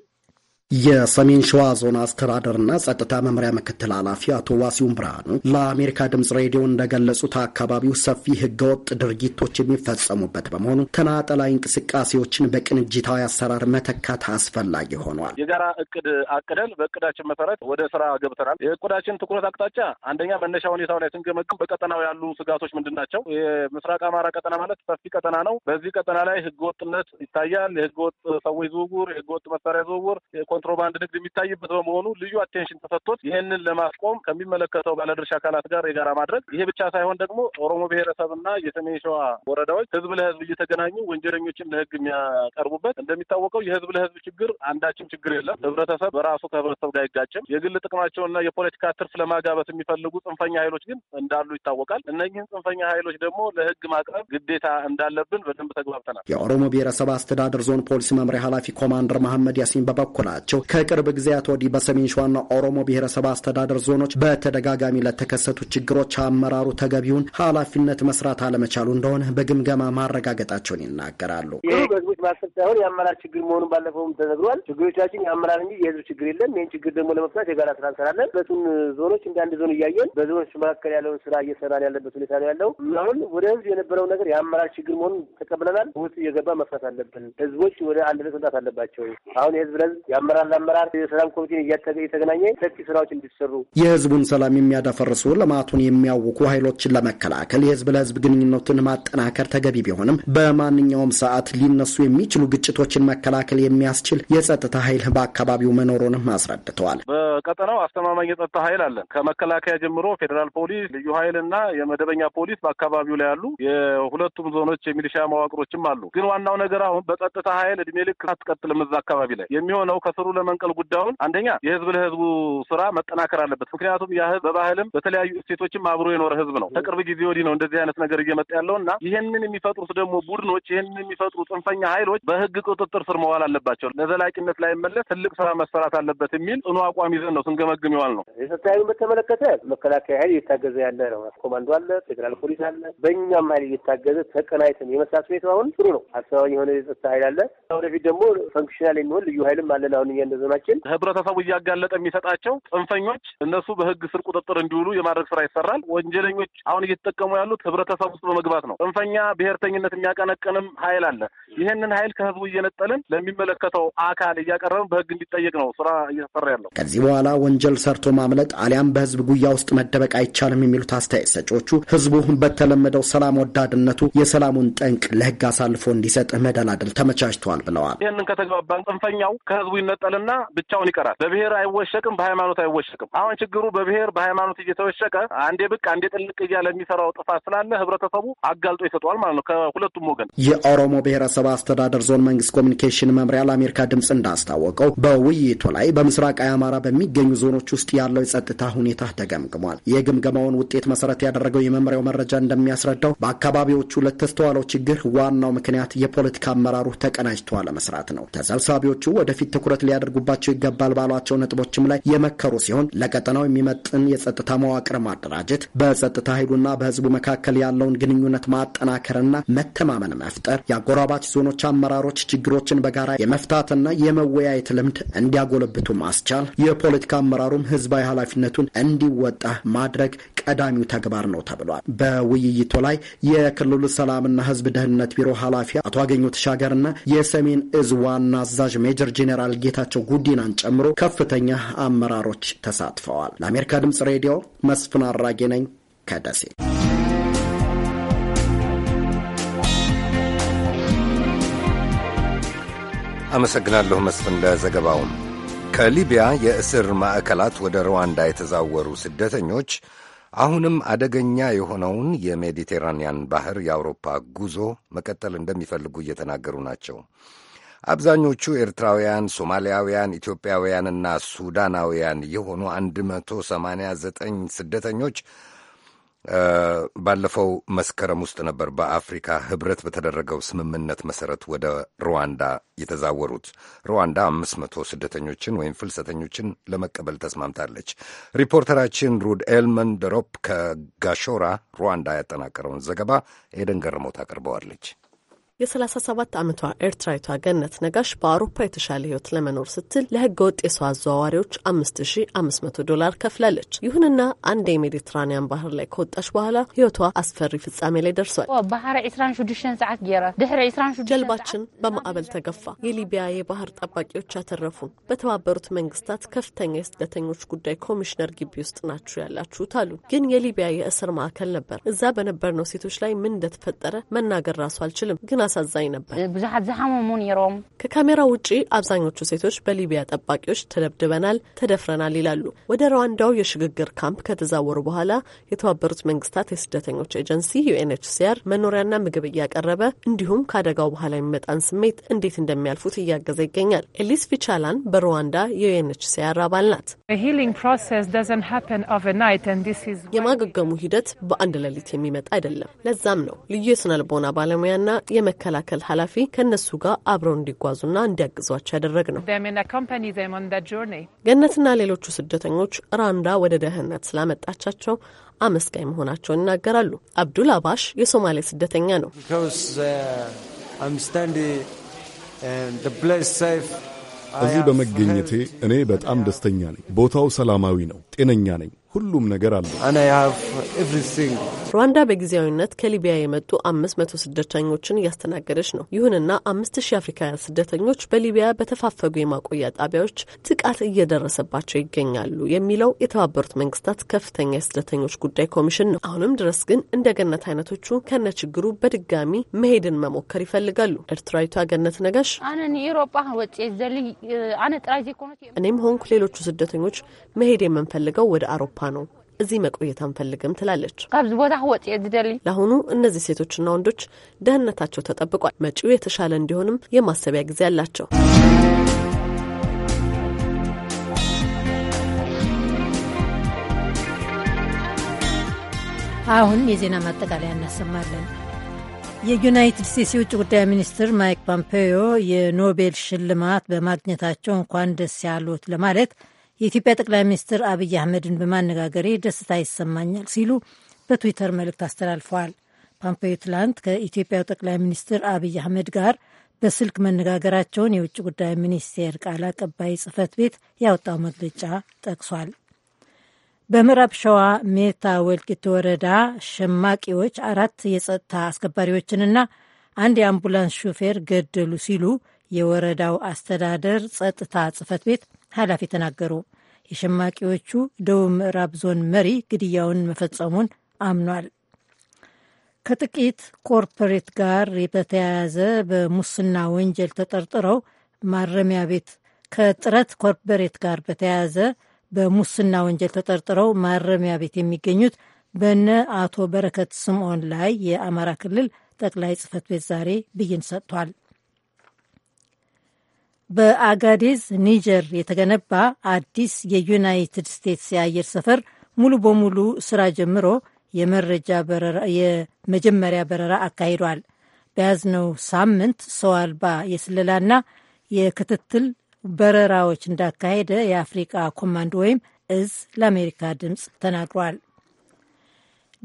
የሰሜን ሸዋ ዞን አስተዳደርና ጸጥታ መምሪያ ምክትል ኃላፊ አቶ ዋሲውን ብርሃኑ ለአሜሪካ ድምፅ ሬዲዮ እንደገለጹት አካባቢው ሰፊ ህገወጥ ድርጊቶች የሚፈጸሙበት በመሆኑ ተናጠላዊ እንቅስቃሴዎችን በቅንጅታዊ አሰራር መተካት አስፈላጊ ሆኗል። የጋራ እቅድ አቅደን በእቅዳችን መሰረት ወደ ስራ ገብተናል። የእቅዳችን ትኩረት አቅጣጫ አንደኛ መነሻ ሁኔታው ላይ ስንገመግም በቀጠናው ያሉ ስጋቶች ምንድን ናቸው? የምስራቅ አማራ ቀጠና ማለት ሰፊ ቀጠና ነው። በዚህ ቀጠና ላይ ህገወጥነት ይታያል። የህገወጥ ሰዎች ዝውውር፣ የህገወጥ መሳሪያ ዝውውር ኮንትሮባንድ ንግድ የሚታይበት በመሆኑ ልዩ አቴንሽን ተሰጥቶት ይህንን ለማስቆም ከሚመለከተው ባለድርሻ አካላት ጋር የጋራ ማድረግ ይሄ ብቻ ሳይሆን ደግሞ ኦሮሞ ብሔረሰብና የሰሜን ሸዋ ወረዳዎች ህዝብ ለህዝብ እየተገናኙ ወንጀለኞችን ለህግ የሚያቀርቡበት እንደሚታወቀው የህዝብ ለህዝብ ችግር አንዳችም ችግር የለም። ህብረተሰብ በራሱ ከህብረተሰብ ጋር አይጋጭም። የግል ጥቅማቸውና የፖለቲካ ትርፍ ለማጋበት የሚፈልጉ ጽንፈኛ ኃይሎች ግን እንዳሉ ይታወቃል። እነዚህን ጽንፈኛ ኃይሎች ደግሞ ለህግ ማቅረብ ግዴታ እንዳለብን በደንብ ተግባብተናል። የኦሮሞ ብሔረሰብ አስተዳደር ዞን ፖሊስ መምሪያ ኃላፊ ኮማንደር መሐመድ ያሲን በበኩላቸው ናቸው። ከቅርብ ጊዜያት ወዲህ በሰሜን ሸዋና ኦሮሞ ብሔረሰብ አስተዳደር ዞኖች በተደጋጋሚ ለተከሰቱ ችግሮች አመራሩ ተገቢውን ኃላፊነት መስራት አለመቻሉ እንደሆነ በግምገማ ማረጋገጣቸውን ይናገራሉ። ይህ በህዝቦች ማሰብ ሳይሆን የአመራር ችግር መሆኑን ባለፈውም ተነግሯል። ችግሮቻችን የአመራር እንጂ የህዝብ ችግር የለም። ይህን ችግር ደግሞ ለመፍታት የጋራ ስራ እንሰራለን። ሁለቱን ዞኖች እንደ አንድ ዞን እያየን በዞኖች መካከል ያለውን ስራ እየሰራን ያለበት ሁኔታ ነው ያለው። አሁን ወደ ህዝብ የነበረው ነገር የአመራር ችግር መሆኑን ተቀብለናል። ውስጥ እየገባ መፍታት አለብን። ህዝቦች ወደ አንድነት መምጣት አለባቸው። አሁን የህዝብ ለህዝብ የፌዴራል አመራር የሰላም ኮሚቴን እየተገናኘ ሰፊ ስራዎች እንዲሰሩ የህዝቡን ሰላም የሚያደፈርሱ ልማቱን የሚያውኩ ኃይሎችን ለመከላከል የህዝብ ለህዝብ ግንኙነትን ማጠናከር ተገቢ ቢሆንም በማንኛውም ሰዓት ሊነሱ የሚችሉ ግጭቶችን መከላከል የሚያስችል የጸጥታ ኃይል በአካባቢው መኖሩንም አስረድተዋል። በቀጠናው አስተማማኝ የጸጥታ ኃይል አለን። ከመከላከያ ጀምሮ ፌዴራል ፖሊስ፣ ልዩ ኃይል እና የመደበኛ ፖሊስ በአካባቢው ላይ ያሉ የሁለቱም ዞኖች የሚሊሻ መዋቅሮችም አሉ። ግን ዋናው ነገር አሁን በጸጥታ ኃይል እድሜ ልክ አትቀጥልም። እዛ አካባቢ ላይ የሚሆነው ከስሩ ስሩ ለመንቀል ጉዳዩን አንደኛ የህዝብ ለህዝቡ ስራ መጠናከር አለበት። ምክንያቱም ያ ህዝብ በባህልም በተለያዩ እሴቶችም አብሮ የኖረ ህዝብ ነው። ከቅርብ ጊዜ ወዲህ ነው እንደዚህ አይነት ነገር እየመጣ ያለው እና ይህንን የሚፈጥሩት ደግሞ ቡድኖች ይህንን የሚፈጥሩ ጽንፈኛ ኃይሎች በህግ ቁጥጥር ስር መዋል አለባቸው። ለዘላቂነት ላይመለስ ትልቅ ስራ መሰራት አለበት የሚል ጽኑ አቋም ይዘን ነው ስንገመግም ይዋል ነው። የጸጥታውን በተመለከተ መከላከያ ኃይል እየታገዘ ያለ ነው። ኮማንዶ አለ፣ ፌዴራል ፖሊስ አለ። በእኛም ኃይል እየታገዘ ተቀናይተን የመስራት ሁኔታ አሁን ጥሩ ነው። አስተማማኝ የሆነ የጸጥታ ኃይል አለ። ወደፊት ደግሞ ፈንክሽናል የሚሆን ልዩ ኃይልም አለን አሁን እንደ ህብረተሰቡ እያጋለጠ የሚሰጣቸው ጽንፈኞች እነሱ በህግ ስር ቁጥጥር እንዲውሉ የማድረግ ስራ ይሰራል። ወንጀለኞች አሁን እየተጠቀሙ ያሉት ህብረተሰብ ውስጥ በመግባት ነው። ጽንፈኛ ብሔርተኝነት የሚያቀነቅንም ሀይል አለ። ይህንን ሀይል ከህዝቡ እየነጠልን ለሚመለከተው አካል እያቀረብን በህግ እንዲጠየቅ ነው ስራ እየተሰራ ያለው። ከዚህ በኋላ ወንጀል ሰርቶ ማምለጥ አሊያም በህዝብ ጉያ ውስጥ መደበቅ አይቻልም የሚሉት አስተያየት ሰጪዎቹ ህዝቡ በተለመደው ሰላም ወዳድነቱ የሰላሙን ጠንቅ ለህግ አሳልፎ እንዲሰጥ መደላደል ተመቻችቷል ብለዋል። ይህንን ከተግባባን ጽንፈኛው ከህዝቡ ይነጠ ይቀጥልና ብቻውን ይቀራል። በብሔር አይወሸቅም፣ በሃይማኖት አይወሸቅም። አሁን ችግሩ በብሔር በሃይማኖት እየተወሸቀ አንዴ ብቅ አንዴ ጥልቅ እያለ የሚሰራው ጥፋት ስላለ ህብረተሰቡ አጋልጦ ይሰጠዋል ማለት ነው ከሁለቱም ወገን። የኦሮሞ ብሔረሰብ አስተዳደር ዞን መንግስት ኮሚኒኬሽን መምሪያ ለአሜሪካ ድምፅ እንዳስታወቀው በውይይቱ ላይ በምስራቅ አማራ በሚገኙ ዞኖች ውስጥ ያለው የጸጥታ ሁኔታ ተገምግሟል። የግምገማውን ውጤት መሰረት ያደረገው የመምሪያው መረጃ እንደሚያስረዳው በአካባቢዎቹ ለተስተዋለው ችግር ዋናው ምክንያት የፖለቲካ አመራሩ ተቀናጅቶ አለመስራት ነው። ተሰብሳቢዎቹ ወደፊት ትኩረት ሊያደርጉባቸው ይገባል ባሏቸው ነጥቦችም ላይ የመከሩ ሲሆን ለቀጠናው የሚመጥን የጸጥታ መዋቅር ማደራጀት፣ በጸጥታ ኃይሉና በህዝቡ መካከል ያለውን ግንኙነት ማጠናከርና መተማመን መፍጠር፣ የአጎራባች ዞኖች አመራሮች ችግሮችን በጋራ የመፍታትና የመወያየት ልምድ እንዲያጎለብቱ ማስቻል፣ የፖለቲካ አመራሩም ህዝባዊ ኃላፊነቱን እንዲወጣ ማድረግ ቀዳሚው ተግባር ነው ተብሏል። በውይይቱ ላይ የክልሉ ሰላምና ህዝብ ደህንነት ቢሮ ኃላፊ አቶ አገኘሁ ተሻገርና የሰሜን እዝ ዋና አዛዥ ሜጀር ጄኔራል ጌታ ጌታቸው ጉዲናን ጨምሮ ከፍተኛ አመራሮች ተሳትፈዋል። ለአሜሪካ ድምጽ ሬዲዮ መስፍን አራጌ ነኝ ከደሴ። አመሰግናለሁ መስፍን ለዘገባው። ከሊቢያ የእስር ማዕከላት ወደ ሩዋንዳ የተዛወሩ ስደተኞች አሁንም አደገኛ የሆነውን የሜዲቴራንያን ባህር የአውሮፓ ጉዞ መቀጠል እንደሚፈልጉ እየተናገሩ ናቸው። አብዛኞቹ ኤርትራውያን፣ ሶማሊያውያን፣ ኢትዮጵያውያንና ሱዳናውያን የሆኑ 189 ስደተኞች ባለፈው መስከረም ውስጥ ነበር በአፍሪካ ህብረት በተደረገው ስምምነት መሰረት ወደ ሩዋንዳ የተዛወሩት። ሩዋንዳ አምስት መቶ ስደተኞችን ወይም ፍልሰተኞችን ለመቀበል ተስማምታለች። ሪፖርተራችን ሩድ ኤልመን ደሮፕ ከጋሾራ ሩዋንዳ ያጠናቀረውን ዘገባ ኤደን ገርሞት አቅርበዋለች። የ37 ዓመቷ ኤርትራዊቷ ገነት ነጋሽ በአውሮፓ የተሻለ ህይወት ለመኖር ስትል ለህገ ወጥ የሰው አዘዋዋሪዎች 5500 ዶላር ከፍላለች። ይሁንና አንድ የሜዲትራኒያን ባህር ላይ ከወጣች በኋላ ህይወቷ አስፈሪ ፍጻሜ ላይ ደርሷል። ጀልባችን በማዕበል ተገፋ። የሊቢያ የባህር ጠባቂዎች ያተረፉን። በተባበሩት መንግስታት ከፍተኛ የስደተኞች ጉዳይ ኮሚሽነር ግቢ ውስጥ ናችሁ ያላችሁት አሉ። ግን የሊቢያ የእስር ማዕከል ነበር። እዛ በነበርነው ሴቶች ላይ ምን እንደተፈጠረ መናገር ራሱ አልችልም ግን አሳዛኝ ነበር። ብዙሓት ዝሓመሙ ነይሮም። ከካሜራ ውጪ አብዛኞቹ ሴቶች በሊቢያ ጠባቂዎች ተደብድበናል፣ ተደፍረናል ይላሉ። ወደ ሩዋንዳው የሽግግር ካምፕ ከተዛወሩ በኋላ የተባበሩት መንግስታት የስደተኞች ኤጀንሲ ዩኤንኤችሲአር መኖሪያና ምግብ እያቀረበ እንዲሁም ከአደጋው በኋላ የሚመጣን ስሜት እንዴት እንደሚያልፉት እያገዘ ይገኛል። ኤሊስ ፊቻላን በሩዋንዳ የዩኤንኤችሲአር አባል ናት። የማገገሙ ሂደት በአንድ ሌሊት የሚመጣ አይደለም። ለዛም ነው ልዩ የስነልቦና ባለሙያና የመ መከላከል ኃላፊ ከእነሱ ጋር አብረው እንዲጓዙና እንዲያግዟቸው ያደረግ ነው። ገነትና ሌሎቹ ስደተኞች ራንዳ ወደ ደህንነት ስላመጣቻቸው አመስጋኝ መሆናቸውን ይናገራሉ። አብዱል አባሽ የሶማሌ ስደተኛ ነው። uh, uh, እዚህ በመገኘቴ እኔ በጣም ደስተኛ ነኝ። ቦታው ሰላማዊ ነው። ጤነኛ ነኝ። ሁሉም ነገር አለ። ሩዋንዳ በጊዜያዊነት ከሊቢያ የመጡ አምስት መቶ ስደተኞችን እያስተናገደች ነው። ይሁንና አምስት ሺህ አፍሪካውያን ስደተኞች በሊቢያ በተፋፈጉ የማቆያ ጣቢያዎች ጥቃት እየደረሰባቸው ይገኛሉ የሚለው የተባበሩት መንግስታት ከፍተኛ የስደተኞች ጉዳይ ኮሚሽን ነው። አሁንም ድረስ ግን እንደ ገነት አይነቶቹ ከነ ችግሩ በድጋሚ መሄድን መሞከር ይፈልጋሉ። ኤርትራዊቷ ገነት ነጋሽ እኔም ሆንኩ ሌሎቹ ስደተኞች መሄድ የምንፈልገው ወደ አውሮፓ ነው እዚህ መቆየት አንፈልግም ትላለች። ካብዚ ቦታ ክወፅእ ዝደሊ። ለአሁኑ እነዚህ ሴቶችና ወንዶች ደህንነታቸው ተጠብቋል። መጪው የተሻለ እንዲሆንም የማሰቢያ ጊዜ አላቸው። አሁን የዜና ማጠቃለያ እናሰማለን። የዩናይትድ ስቴትስ የውጭ ጉዳይ ሚኒስትር ማይክ ፖምፔዮ የኖቤል ሽልማት በማግኘታቸው እንኳን ደስ ያሉት ለማለት የኢትዮጵያ ጠቅላይ ሚኒስትር አብይ አህመድን በማነጋገሬ ደስታ ይሰማኛል ሲሉ በትዊተር መልእክት አስተላልፈዋል። ፓምፔዮ ትላንት ከኢትዮጵያው ጠቅላይ ሚኒስትር አብይ አህመድ ጋር በስልክ መነጋገራቸውን የውጭ ጉዳይ ሚኒስቴር ቃል አቀባይ ጽህፈት ቤት ያወጣው መግለጫ ጠቅሷል። በምዕራብ ሸዋ ሜታ ወልቂት ወረዳ ሸማቂዎች አራት የጸጥታ አስከባሪዎችንና አንድ የአምቡላንስ ሹፌር ገደሉ ሲሉ የወረዳው አስተዳደር ጸጥታ ጽህፈት ቤት ኃላፊ ተናገሩ። የሸማቂዎቹ ደቡብ ምዕራብ ዞን መሪ ግድያውን መፈጸሙን አምኗል። ከጥቂት ኮርፖሬት ጋር በተያያዘ በሙስና ወንጀል ተጠርጥረው ማረሚያ ቤት ከጥረት ኮርፖሬት ጋር በተያያዘ በሙስና ወንጀል ተጠርጥረው ማረሚያ ቤት የሚገኙት በነ አቶ በረከት ስምዖን ላይ የአማራ ክልል ጠቅላይ ጽህፈት ቤት ዛሬ ብይን ሰጥቷል። በአጋዴዝ ኒጀር የተገነባ አዲስ የዩናይትድ ስቴትስ የአየር ሰፈር ሙሉ በሙሉ ስራ ጀምሮ የመጀመሪያ በረራ አካሂዷል። በያዝነው ሳምንት ሰው አልባ የስለላና የክትትል በረራዎች እንዳካሄደ የአፍሪቃ ኮማንዶ ወይም እዝ ለአሜሪካ ድምፅ ተናግሯል።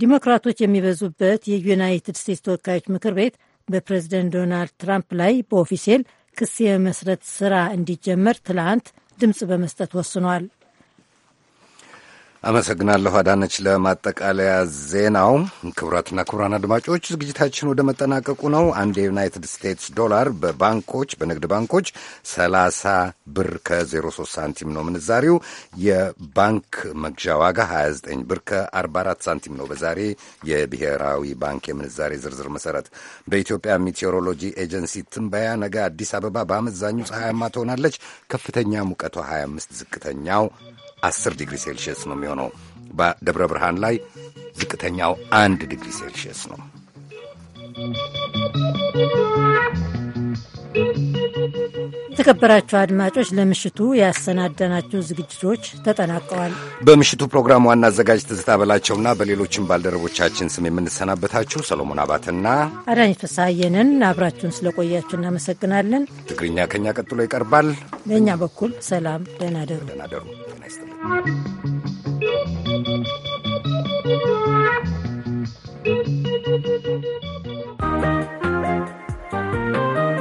ዲሞክራቶች የሚበዙበት የዩናይትድ ስቴትስ ተወካዮች ምክር ቤት በፕሬዝደንት ዶናልድ ትራምፕ ላይ በኦፊሴል ክስ የመስረት ስራ እንዲጀመር ትላንት ድምፅ በመስጠት ወስኗል። አመሰግናለሁ አዳነች። ለማጠቃለያ ዜናው ክቡራትና ክቡራን አድማጮች ዝግጅታችን ወደ መጠናቀቁ ነው። አንድ የዩናይትድ ስቴትስ ዶላር በባንኮች በንግድ ባንኮች 30 ብር ከ03 ሳንቲም ነው ምንዛሪው። የባንክ መግዣ ዋጋ 29 ብር ከ44 ሳንቲም ነው በዛሬ የብሔራዊ ባንክ የምንዛሬ ዝርዝር መሰረት። በኢትዮጵያ ሜቴዎሮሎጂ ኤጀንሲ ትንበያ ነገ አዲስ አበባ በአመዛኙ ፀሐያማ ትሆናለች። ከፍተኛ ሙቀቷ 25፣ ዝቅተኛው 10 ዲግሪ ሴልሽየስ ነው የሚሆነው። በደብረ ብርሃን ላይ ዝቅተኛው አንድ ዲግሪ ሴልሽየስ ነው። Thank you. የተከበራችሁ አድማጮች ለምሽቱ ያሰናደናቸው ዝግጅቶች ተጠናቀዋል። በምሽቱ ፕሮግራም ዋና አዘጋጅ ትዝታ በላቸውና በሌሎችም ባልደረቦቻችን ስም የምንሰናበታችሁ ሰሎሞን አባትና አዳኝ ፍስሐየንን አብራችሁን ስለቆያችሁ እናመሰግናለን። ትግርኛ ከኛ ቀጥሎ ይቀርባል። በእኛ በኩል ሰላም፣ ደህና ደሩ ደህና ደሩ you.